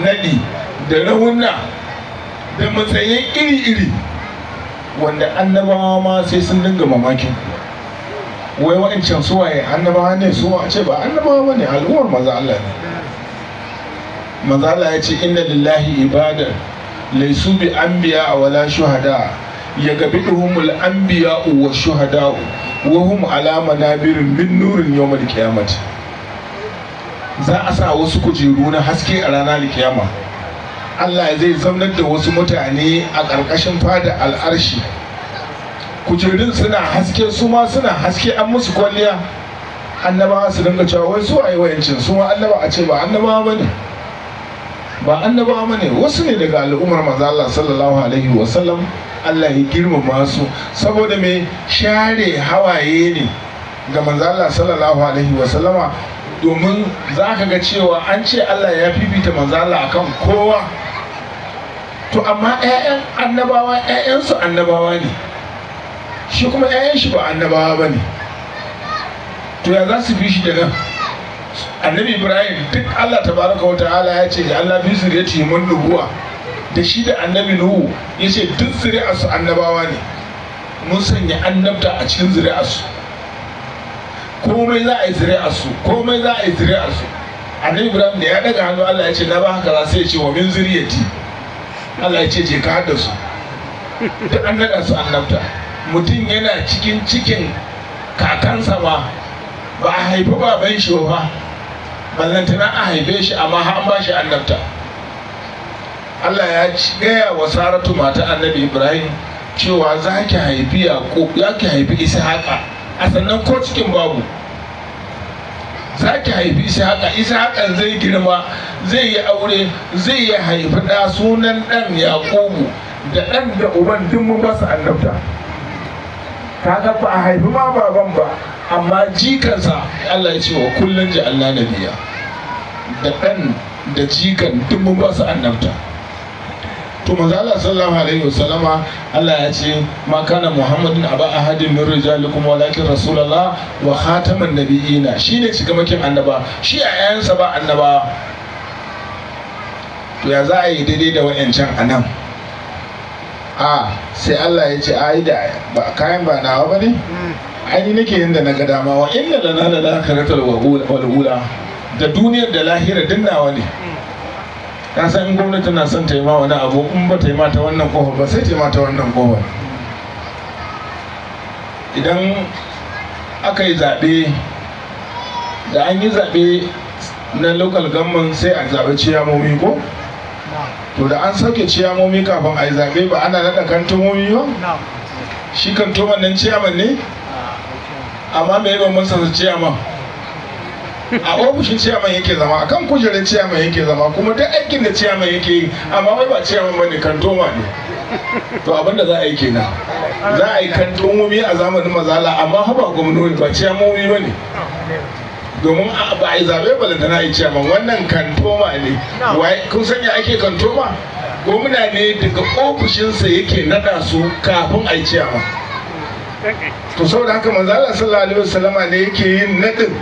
naɗi nadi da rauna da matsayin iri-iri wanda annabawa ma sai sun dinga mamakin ku wai wa'ancan suwaye annabawa ne su a ce ba annabawa ba ne al'ummar maza Allah ne maza ya ce inna lillahi ibadar laisu bi anbiya wala shuhada ya gabi an anbiya wa shuhada wa hum ala manabirin min nurin yawmal qiyamah za a sa wasu kujeru na haske a ranar kiyama Allah zai zaunar da wasu mutane a ƙarƙashin fada al'arshi kujerun suna haske su ma suna haske an musu kwalliya annabawa su dinga cewa wai su waye wayancin su ma annaba a ce ba annabawa ba ne ba annabawa ba ne wasu ne daga al'ummar manzo Allah sallallahu alaihi wa sallam Allah ya girmama su saboda me share hawaye ne ga manzo Allah sallallahu alaihi wa sallama domin za ka ga cewa an ce Allah ya fifita manzo Allah akan kowa to amma ƴaƴan annabawa ƴaƴansu annabawa ne shi kuma 'ya'yan shi ba annabawa ba ne to ya za su bi shi da nan annabi ibrahim duk allah ta baraka wata ala ya ce allah bi zuriyati mun nubuwa da shi da annabi nuhu ya ce duk zuri'arsu annabawa ne mun sanya annabta a cikin zuri'arsu komai za a yi zuri'arsu komai za a yi zuri'arsu annabi ibrahim da ya daga hannu allah ya ce na ba haka za su ya ce wa min zuriyati allah ya ce je ka hada su duk an su annabta mutum yana cikin cikin kakansa ma ba a haifi baban shi ba ballantana a haife shi amma an ba shi annabta Allah ya gaya wa saratu mata annabi ibrahim cewa za ki haifi ya ki haifi a sannan ko cikin babu za ki haifi ishaqa ishaqan zai girma zai yi aure zai yi haifi da sunan ɗan yaƙubu da ɗan da uban duk mun masa annabta kaga ba a haifi ma baban ba amma jikansa Allah ya ce wa kullun ji Allah na biya da ɗan da jikan duk mun ba su annabta to manzo Allah sallallahu alaihi salama Allah ya ce ma kana Muhammadin aba ahadin min rijalikum walakin rasulullah wa khataman nabiyina shine makin annaba shi a yayansa ba annaba ya za a yi daidai da wayancan anan a sai Allah ya ce ai da kayan ba nawa ba ne hmm. ai nake yin da na ga dama wa inna lana la karatar walula da duniyar da lahira dinnawa ne hmm. ka san in gwamnati na son taima wani abu in ba taima ta wannan kofar ba sai taima ta wannan kofar idan aka yi zaɓe da an yi zaɓe na local government sai a zaɓe ciyamomi ko to da an sauke ciyamomi kafin a yi zaɓe ba ana naɗa tumomi ba shi tumon nan ciyaman ne amma me yi bambam sa ciyaman a ofishin ciyaman yake zama akan kujerar ciyaman yake zama kuma duk aikin da ciyaman yake yi amma wai ba ciyaman kan kantoma ne to abinda za a yi kenan za a yi tumomi a zamanin mazala amma haba gwamnoni ba ciyamomi ne? domin ba a yi zaɓe tana ya ce ma wannan kantoma ne kun sanya ake kantoma gwamna ne daga ofishinsa yake naɗa su kafin a yi ciyama to saboda haka manzala sallallahu alaihi wasallama ne yake yin nadin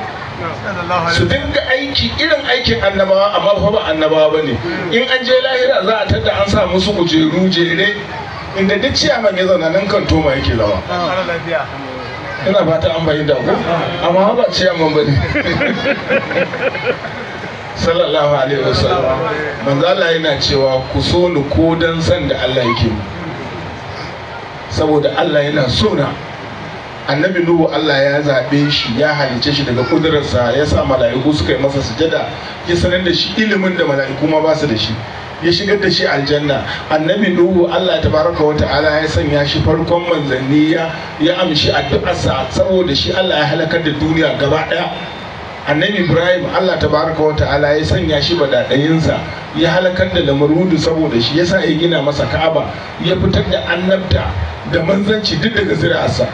su dinga aiki irin aikin annabawa amma fa ba annabawa ba ne. Mm. in an je lahira za a tadda an sa musu kujeru jere inda duk ciyaman ya zauna nan kantoma yake zama oh. ina fata an bayin da ku amma ba ce amma ne. sallallahu alaihi wasallam manzo Allah yana cewa ku so ni ko dan san da Allah yake mu saboda Allah yana so na annabi nuhu Allah ya zaɓe shi ya halice shi daga kudurarsa ya sa mala'iku suka yi masa sujada ki sanar da shi ilimin da mala'iku ma ba su da shi ya shigar da shi aljanna annabi nuhu Allah Ta wata wata'ala ya sanya shi farkon manzanni ya ya amshi addu'arsa saboda shi Allah ya halakar da duniya gaba daya annabi ibrahim Allah Ta tabaraka wata'ala ya sanya shi badadayinsa ya halakar da lamarudu saboda shi yasa ya gina masa ka'aba ya fitar da annabta da manzanci duk daga zuri'arsa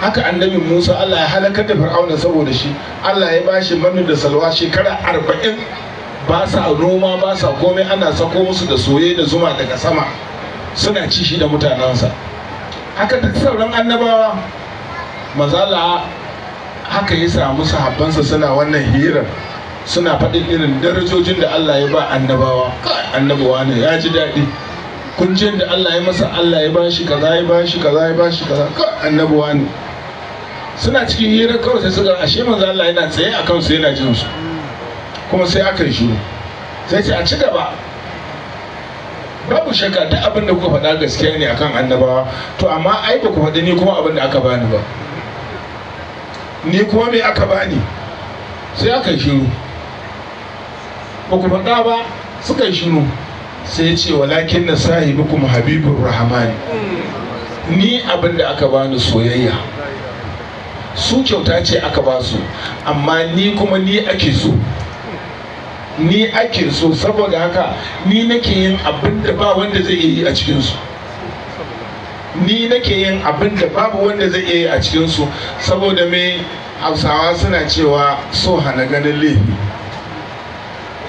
haka annabi musa Allah ya halakar da fir'auna saboda shi Allah ya bashi manu da salwa shekara arba'in ba sa noma ba sa komai ana sako musu da soye da zuma daga sama suna ci shi da mutanensa haka duk sauran annabawa mazala haka ya samu sahabbansa suna wannan hirar suna faɗin irin darajojin da Allah ya ba annabawa annabawa ne ya ji daɗi kuncin da Allah ya masa Allah ya bashi kaza ya bashi kaza ya bashi kaza ka annabawa ne suna cikin hirar kawai sai suka ashe manzo Allah yana tsaye akan su yana jin su kuma sai aka yi shiru sai ce a ci gaba babu shakka duk abin da kuka faɗa gaskiya ne akan annabawa to amma ai ba ku faɗi ni kuma abin da aka bani ba ni kuma me aka bani sai aka yi shiru ba ku faɗa ba suka yi shiru sai ce walakin na sahibi kuma habibur rahman ni abin da aka bani soyayya su kyauta ce aka ba su amma ni kuma ni ake so ni ake so saboda haka ni nake yin abin da ba wanda zai iya yi a cikinsu ni nake yin abin da babu wanda zai iya yi a cikinsu saboda me hausawa suna cewa so hana ganin laifi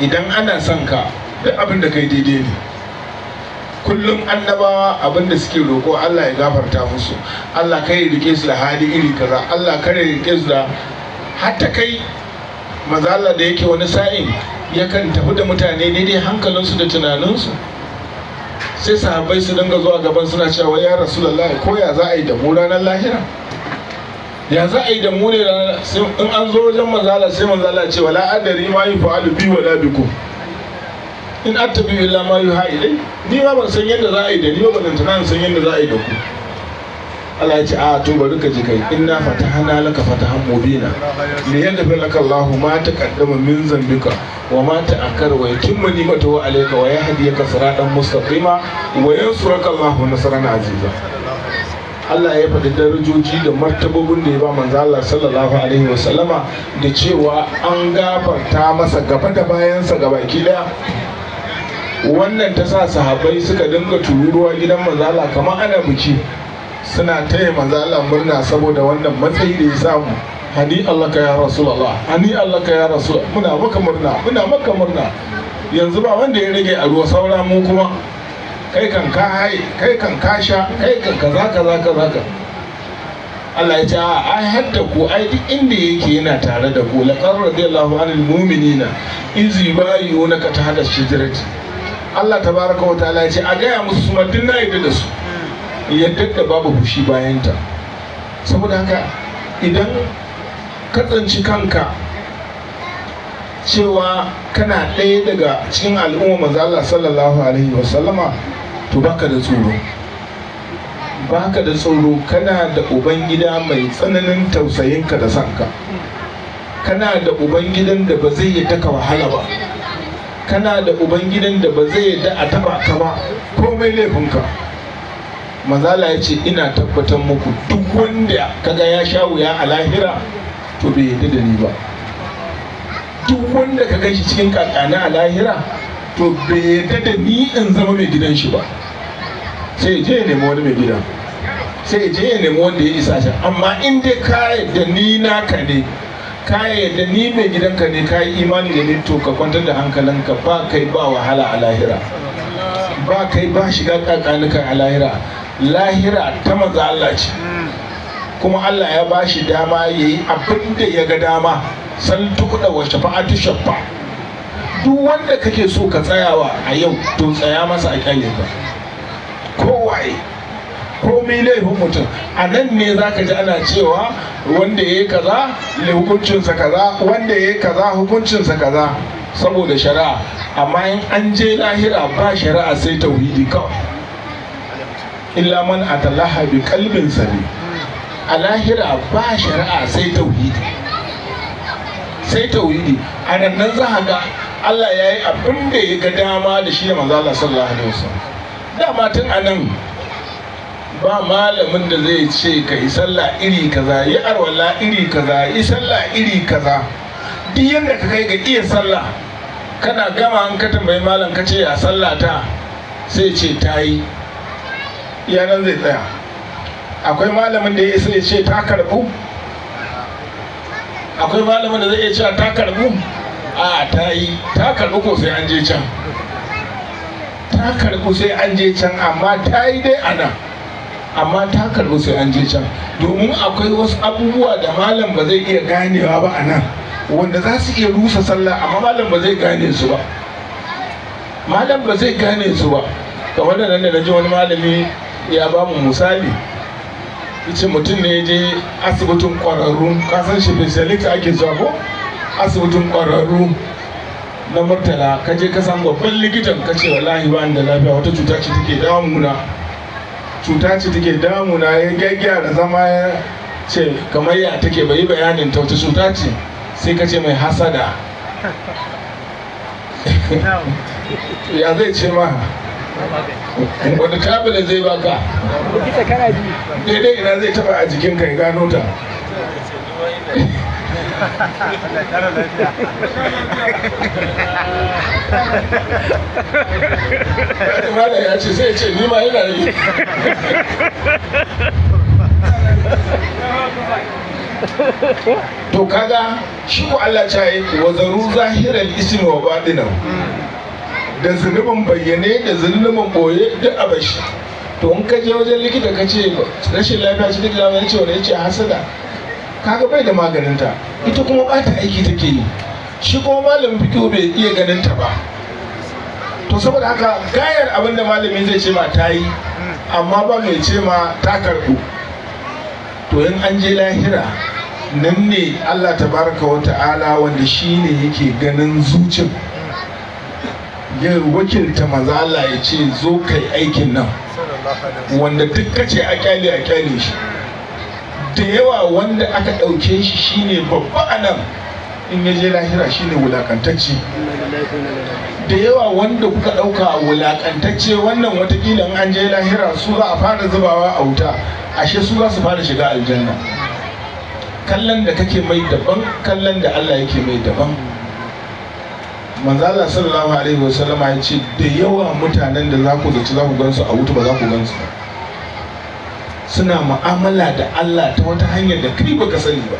idan ana son ka duk abin da kai daidai ne kullum annabawa abin da suke roƙo Allah ya gafarta musu Allah kai rike su da hali iri kaza Allah kare rike su da hatta kai mazala da yake wani sa'in yakan tafi da mutane daidai hankalinsu da tunaninsu sai sahabbai su dinga zuwa gaban suna cewa ya rasu ko ya za a yi da mu ranar lahira ya za a yi da mu ne in an zo wajen manzala sai manzala ce wala adari ma yi fa'alu bi wala biku in attabi illa ma yuha ilai ni ma ban san yadda za a yi da ni ba ban san yadda za a yi da ku Allah ya ce a ah, to bari ka ji kai inna fatahana laka fatahan mubina li yadfa laka Allahu ma taqaddama min zambika wa ma ta'akkara wa yutimma ni'matahu alayka wa yahdiyaka siratan mustaqima wa yansuraka Allahu nasran aziza Allah ya faɗi darajoji da martabobin da ya ba manzo Allah sallallahu alaihi wa sallama da cewa an gafarta masa gaba da bayansa gabaki daya wannan ta sa sahabbai suka dinga tururuwa gidan manzo Allah kamar ana biki suna taya manzo Allah murna saboda wannan matsayi da ya samu hani Allah ka ya rasulullah hani Allah ka ya rasul muna maka murna muna maka murna yanzu ba wanda ya rage a ruwa saura mu kuma kai kan ka hai kai kan ka sha kai kan kaza kaza kaza Allah ya ce a ai hadda ku ai duk inda yake yana tare da ku laqad radiyallahu anil mu'minina iz yubayyi'unaka tahta shijrat Allah baraka wa ta'ala ya ce a gaya musu su ma na yi da su yadda da babu fushi bayanta saboda haka idan ka tsanci kanka cewa kana ɗaya daga cikin al'umma manzo Allah sallallahu alaihi wasallama to baka da tsoro baka da tsoro kana da ubangida mai tsananin tausayinka da sanka kana da ubangidan da ba zai yi taka wahala ba kana da ubangidan da ba zai yi da a taba ka ba komai laifinka manzala ya ce ina tabbatar muku duk wanda kaga ya sha wuya a lahira to bai yadda da ni ba duk wanda ka kai shi cikin kakana a lahira to bai yadda da ni in zama mai gidan shi ba sai je ya nemi wani mai gida sai je ya nemi wanda ya isa shi amma in dai ka yadda ni naka ne ka yadda ni mai gidanka ne ka yi imani da ni to ka kwantar da hankalinka ba kai ba wahala a lahira ba kai ba shiga kakanukan a lahira lahira ta maza Allah ce kuma Allah ya ba shi dama ya yi abin ya ga dama san tukuda wa shafa'atu shafa duk wanda kake so ka tsayawa a yau to tsaya masa a kyale ba kowaye mai laifin mutum a nan ne za ka ji ana cewa wanda ya yi kaza hukuncinsa kaza wanda ya yi kaza hukuncinsa kaza saboda shari'a amma in an je lahira ba shari'a sai tauhidi kawai illa man atallaha bi kalbin sabi a lahira ba shari'a sai tauhidi sai tauhidi a nan nan za ga Allah ya yi abin da ya ga dama da shi da manzo Allah sallallahu alaihi wasallam dama tun a nan ba malamin da zai ce ka yi sallah iri kaza yi arwala iri kaza yi sallah iri kaza duk yanda ka kai ga iya sallah kana gama an ka tambayi malam ka ce ya sallah ta sai ce ta yi yaran zai tsaya akwai malamin da ya isa ya ce ta karbu akwai malamin da zai iya cewa ta karbu a ta yi ta karbu ko sai an je can ta karbu sai an je can amma ta yi dai ana amma ta karbu sai an je can domin akwai wasu abubuwa da malam ba zai iya ganewa ba a nan wanda za su iya rusa sallah amma malam ba zai gane su ba malam ba zai gane su ba kamar da nan da na ji wani malami ya ba mu misali yace mutum ne ya je asibitin kwararru kasan shi specialist ake zuwa ko asibitin kwararru na murtala ka je ka san babban likitan ka ce wallahi ba da lafiya wata cuta ce take damuna cuta ce take damuna ya gyaggyara zama ya ce kamar ya take bai bayanin ta wata cuta ce sai ka ce mai hasada ya zai ce ma wanda tabulin zai baka daidai ina zai taba a jikin kai gano ta ya ce sai ce ni ma yana yi. To kaga shi ku Allah ta yi wa zaru zahirar ismi wa baɗinan. da zunubin bayyane da zunubin boye duk a bashi to in ka je wajen likita ka ce rashin lafiya ce duk lafiya ce wani ce hasada kaga bai da maganinta ita kuma bata aiki take yi shi kuma malamin fito bai iya ganin ta ba to saboda haka gayar abin da malami zai ce ma ta yi amma ba mai ce ma ta karɓu to in an je lahira nan ne allah tabaraka wa ta'ala wanda shi ne yake ganin zuciyar ya wakilta maza Allah ya ce zo kai aikin nan wanda duk kace a kyale a kyale shi da yawa wanda aka ɗauke shi shine babba a in ya je lahira shine wulakantacce da yawa wanda kuka ɗauka wulakantacce wannan watakila in an je lahira su za a fara zubawa a wuta ashe su za su fara shiga aljanna kallon da kake mai daban kallon da Allah yake mai daban manzala sallallahu alaihi wasallama ya ce da yawa mutanen da za ku zaci za ku gansu a wuta ba za ku gansu ba suna mu'amala da Allah ta wata hanyar da kai baka sani ba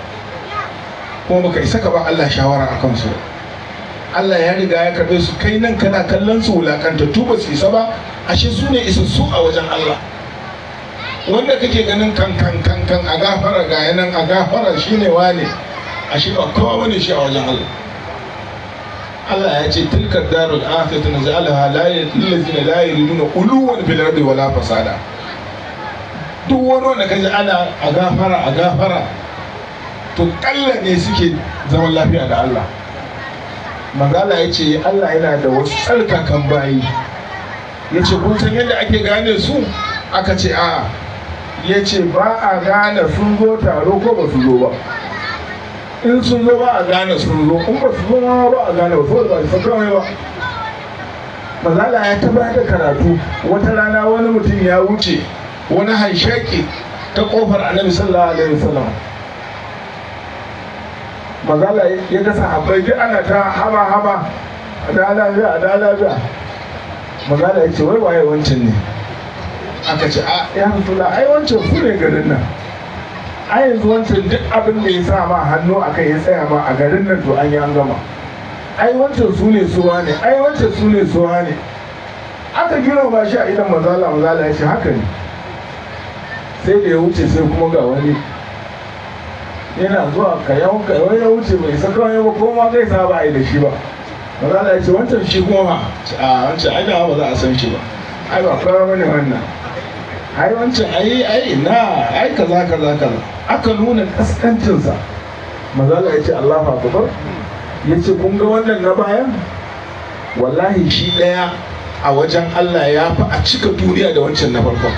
kuma baka isa ka ba Allah shawara a kansu Allah ya riga ya karbe su kai nan kana kallon su wulakanta tu ba su isa ba ashe su ne isassu a wajen Allah wanda kake ganin kan kan kan kan a gafara ga yanan a gafara shine wane ashe ba kowa bane shi a wajen Allah Allah ya ce tilkar darul akhirah naj'alha lillazina la yuriduna uluwan fil ardi wala fasada duk wani wanda kaji ana a gafara a gafara to kalla ne suke zaman lafiya da Allah Magala ya ce Allah yana da wasu kan bayi ya ce kun san yadda ake gane su aka ce a ya ce ba a gane sun zo taro ko ba su zo ba in sun zo ba a gane sun zo in ba su zo ba a gane ba so ba su kawai ba mazala ya taba da karatu wata rana wani mutum ya wuce wani hanshaki ta kofar annabi sallallahu alaihi wasallam mazala ya ga sahabbai duk ana ta haba haba a da lafiya a da lafiya mazala ya ce wai waye wancan ne aka ce a ya hantula ai wancan su ne garin nan a yanzu wancan duk abin da ya sa ma hannu a kai ya tsaya ma a garin nan to an yi an gama ai wancan su ne suwa ne ai wancan su ne suwa ne aka gina ba shi a idan mazala mazala ya ce haka ne sai da ya wuce sai kuma ga wani yana zuwa kayan kayan ya wuce bai saka wani ba koma kai sa ba a yi da shi ba mazala ya ce wancan shi kuma ba a wancan ai da ba za a san shi ba ai ba fara mani wannan ai wancan ayi, ayi, na ai kaza kaza kaza aka nuna kaskancinsa mazala ya ce Allah akbar ya ce kun ga wannan na bayan wallahi shi ɗaya a wajen Allah ya fi a cika duniya da wancan na farko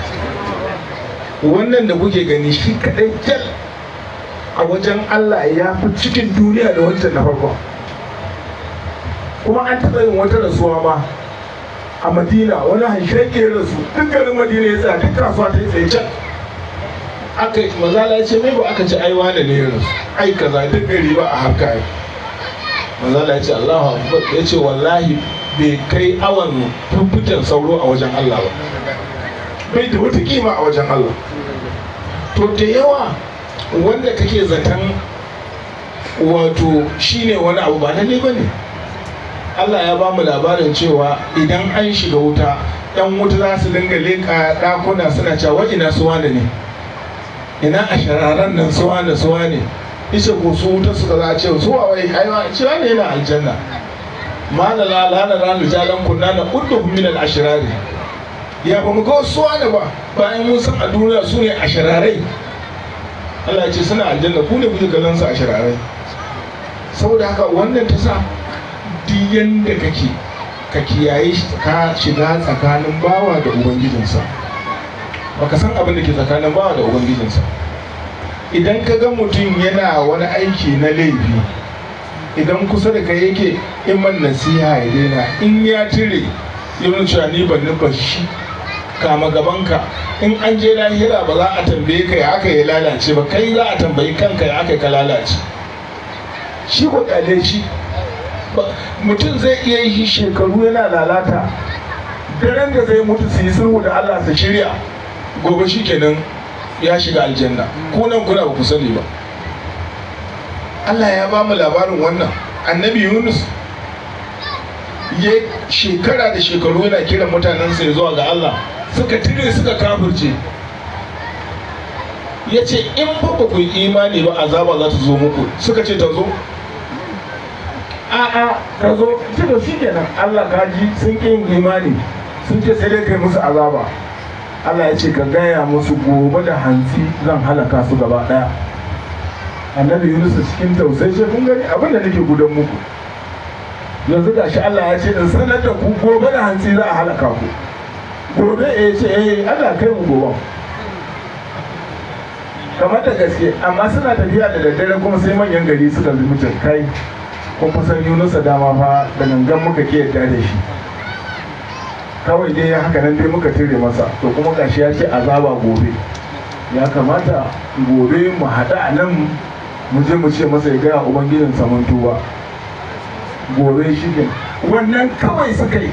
wannan da kuke gani shi kaɗai jal a wajen Allah ya fi cikin duniya da wancan na farko kuma an taɓa yin wata rasuwa ba. a madina wani hankirke ya rasu duk garin madina ya tsaya duk kasuwa ta tsaye can aka yi mazala ya ce mai ba aka ci aiwa da ne ya rasu ai kaza duk gari ba a haka yi mazala ya ce allahu akbar ya ce wallahi bai kai awan fuffuken sauro a wajen allah ba bai da wata kima a wajen allah to da yawa wanda kake zaton wato shine wani abu ba ne ba ne Allah ya ba mu labarin cewa idan an shiga wuta yan wuta za su dinga leƙa ɗakuna suna cewa ina suwa ne ina a shararen nan suwa da suwa ne ishe ko su wuta suka za a ce su wa wai aiwa cewa ne yana aljanna ma na lalana ranar jalan kunna na kudu min al-ashirari ya ba mu ga suwa da ba bayan mun san a duniya su ne ashirarai Allah ya ce suna aljanna ku ne kuke ganin su ashirarai saboda haka wannan ta sa duk yanda kake ka kiyaye shiga tsakanin bawa da ubangijinsa baka san abin da ke tsakanin bawa da ubangijinsa idan ka ga mutum yana wani aiki na laifi idan kusa da kai yake iman nasiha ya daina in ya cire yawan cewa ni ban nufa shi kama gabanka in an je lahira ba za a tambaye ka ya aka yi lalace ba kai za a tambayi kanka ya aka yi ka lalace shi ko shi mutum zai iya yi shekaru yana lalata daren da zai mutu su yi sulhu da Allah su shirya gobe shi kenan ya shiga aljanna ko nan kuna ba ku sani ba Allah ya ba mu labarin wannan annabi Yunus ya shekara da shekaru yana kiran mutanensa ya zuwa ga Allah suka tire suka kafirce ya ce in ba ku imani ba azaba za ta zo muku suka ce ta zo a'a ka zo ce da shi kenan Allah ka ji sun ƙi yin imani sun ce sai dai kai musu azaba Allah ya ce ka gaya musu gobe da hantsi zan halaka su gaba ɗaya annabi Yunus cikin tausayi shi kun gani abin da nake gudan muku yanzu gashi Allah ya ce in sanar da ku gobe da hantsi za a halaka ku gobe eh, ya ce eh Allah kai mu gobe kamar da gaske amma suna tafiya da daddare kuma sai manyan gari suka bi mutum kai kun kusan yunusa dama fa da gangan muka ke yadda da shi kawai dai haka nan dai muka tire masa to kuma kashi ya ce azaba gobe ya kamata gobe mu haɗu a nan mu je mu ce masa ya gaya ubangijin saman tuba gobe shi ne wannan kawai suka yi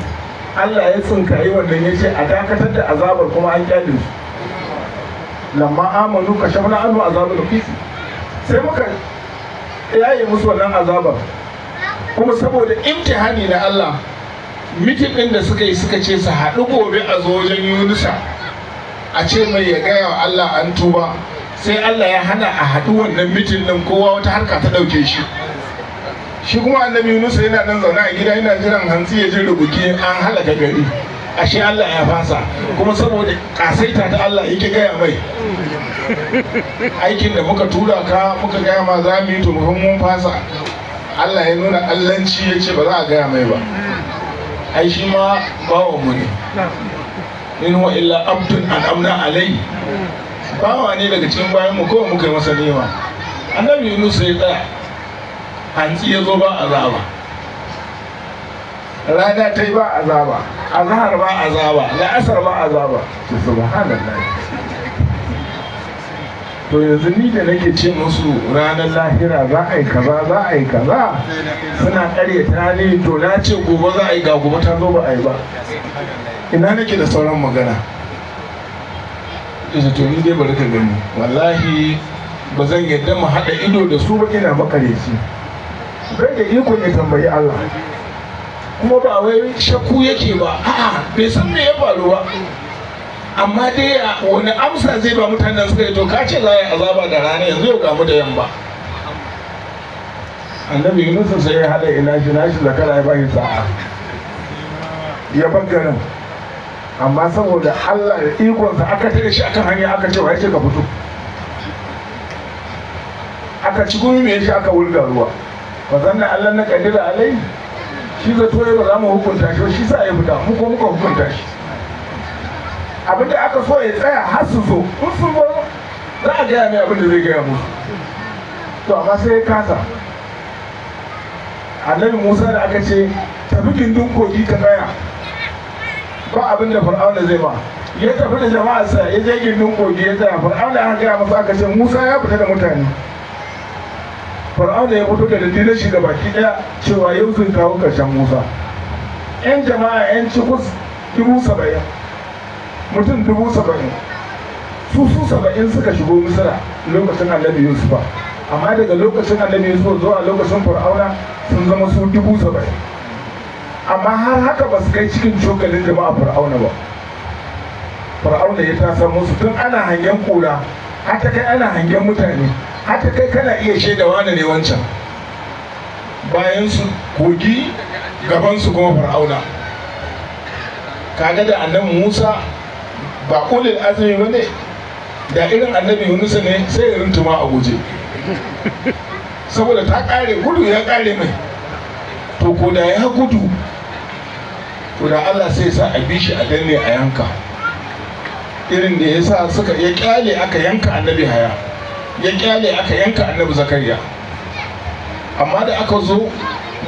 allah ya tsinkayi wannan ya ce a dakatar da azabar kuma an kyalin su lamma amanu ka shafi na anu azabar fisi sai muka yaye musu wannan azabar kuma saboda imtihani na Allah mitin ɗin da suka yi suka ce su haɗu gobe a zo wajen yunusa a ce mai ya gaya wa Allah an tuba sai Allah ya hana a haɗu wannan mitin ɗin kowa wata harka ta ɗauke shi shi kuma annabi yunusa yana nan zaune a gida yana jiran hantsi ya ji rubuki an halaka gari ashe Allah ya fasa kuma saboda kasaita ta Allah yake gaya mai aikin da muka tura ka muka gaya ma za mu yi to mun fasa Allah ya nuna allanci ya ce ba za a gaya mai ba ai shi ma bawa mu ne in wa illa abdun an amna alai bawa ne daga cikin bayan mu ko muka yi masa nema annabi yunus ya tsaya hanci ya zo ba azaba rana ta yi ba azaba azhar ba azaba la'asar ba azaba subhanallah to yanzu ni da nake ce musu ranar lahira za a yi kaza za a yi kaza suna karyata ni to na ce gobe za a yi ga gobe ta zo ba a yi ba ina nake da sauran magana yanzu to ni dai bari ka gani wallahi ba zan yadda mu haɗa ido da su ba ina shi Zan da iko ya tambayi Allah kuma ba wai shakku yake ba a'a bai san me ya faru ba amma dai wani amsa zai ba mutanen suka yi to ka ce za a yi azaba da rana yanzu yau gamu da yamma annabi yunus sai ya hada ina shi na shi zakara ya bayi sa'a ya bangaren amma saboda allah da ikonsa aka tare shi akan hanya aka ce wa ce ka fito aka ci gumi mai shi aka wulga ruwa ba zanna allah na kadira alai shi zato ya ba za mu hukunta shi shi sa ya fita muku ko muka hukunta shi abinda aka so ya tsaya har su zo in su zo za a gaya mai abinda zai gaya musu to amma sai ya kasa annabi musa da aka ce tafi gindin kogi ka tsaya ba abin da fir'auna zai ba ya tafi da jama'arsa ya je gindin kogi ya tsaya fir'auna aka gaya masa aka ce musa ya fita da mutane fir'auna ya fito da dalilan shi da baki daya cewa yau zai kawo karshen musa yan jama'a yan cikus dubu saba'in mutum dubu saba'in su su saba'in suka shigo misira lokacin annabi yusufa amma daga lokacin annabi yusufa zuwa lokacin fir'auna sun zama su dubu saba'in amma har haka ba su kai cikin cokalin jama'a fir'auna ba fir'auna ya tasa musu tun ana hangen kura hata kai ana hangen mutane hata kai kana iya shaida wani ne wancan bayan su kogi gaban su kuma fir'auna kaga da annabi musa ba da azumi ba ne da irin annabi yunusa ne sai ya rintuma a guje saboda ta kare gudu ya kare mai to ko da ya gudu to da allah sai sa a bishi a danne a yanka irin da ya sa suka ya kyale aka yanka annabi haya ya kyale aka yanka annabi zakariya amma da aka zo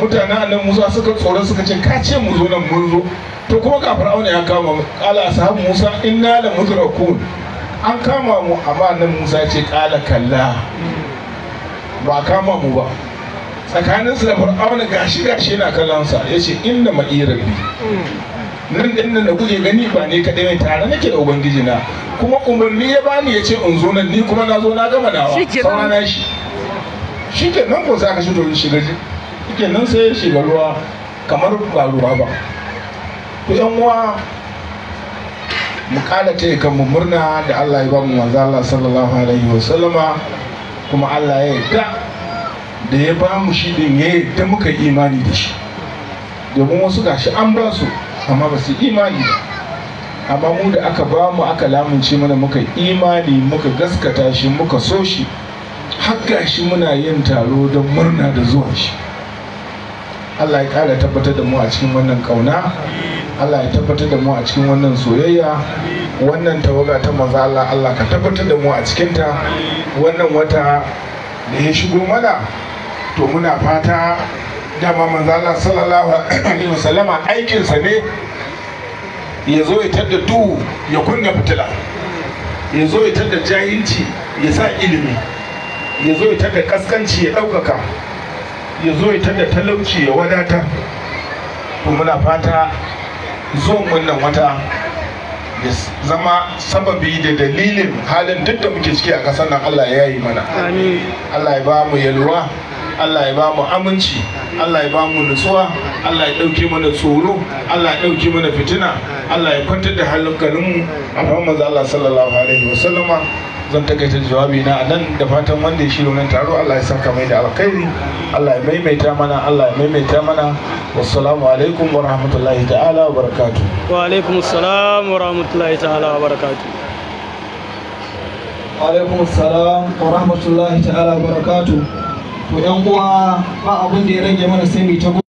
mutanen nan musa suka tsoro suka ce ka ce mu zo nan mun zo to kuma ga fir'auna ya kama mu kala ashab musa inna la mudrakun an kama mu amma nan musa ce kala kalla ba kama mu ba tsakanin su da fir'auna gashi gashi yana kallon sa yace inna ma'i rabbi nan din nan da kuke gani ba ne kadai mai tare nake da ubangiji na kuma umarni ya bani ya ce in zo nan ni kuma na zo na gama nawa saurana shi nan ko za ka shi to shiga kenan sai ya shiga ruwa kamar ba ruwa ba to yan uwa mu kada ta kan mu murna da Allah ya ba mu manzo Allah sallallahu alaihi wa sallama kuma Allah ya yarda da ya ba mu shi din ya yarda muka imani da shi domin wasu gashi an ba su amma ba su imani ba amma mu da aka ba mu aka lamunce mana muka imani muka gaskata shi muka so shi har gashi muna yin taro don murna da zuwa shi Allah ya ƙara tabbatar da mu a cikin wannan ƙauna Allah ya tabbatar da mu a cikin wannan soyayya wannan tawaga ta manzo Allah Allah ka tabbatar da mu a cikinta wannan wata da ya shigo mana to muna fata dama manzo Allah sallallahu alaihi wasallama aikinsa ne ya zo ya tadda duhu ya kunna fitila ya zo ya tadda jahilci ya sa ilimi ya zo ya tadda kaskanci ya ɗaukaka ya zo ya da talauci ya wadata ko muna fata zuwan wannan wata ya zama sababi da dalilin halin duk da muke ciki a ƙasar nan Allah ya yi mana Allah ya ba mu yalwa Allah ya ba mu aminci Allah ya ba mu nutsuwa Allah ya ɗauke mana tsoro Allah ya ɗauke mana fitina Allah ya kwantar da halin garinmu a Muhammad sallallahu alaihi wasallama zan takaita jawabi na a nan da fatan wanda ya shirya wannan taro Allah ya saka mai da alkhairi Allah ya maimaita mana Allah ya maimaita mana wassalamu alaikum wa rahmatullahi ta'ala wa barakatuh wa alaikum assalam wa rahmatullahi ta'ala wa barakatuh wa alaikum assalam wa rahmatullahi ta'ala wa barakatuh to yan uwa ba abin da ya rage mana sai mu ta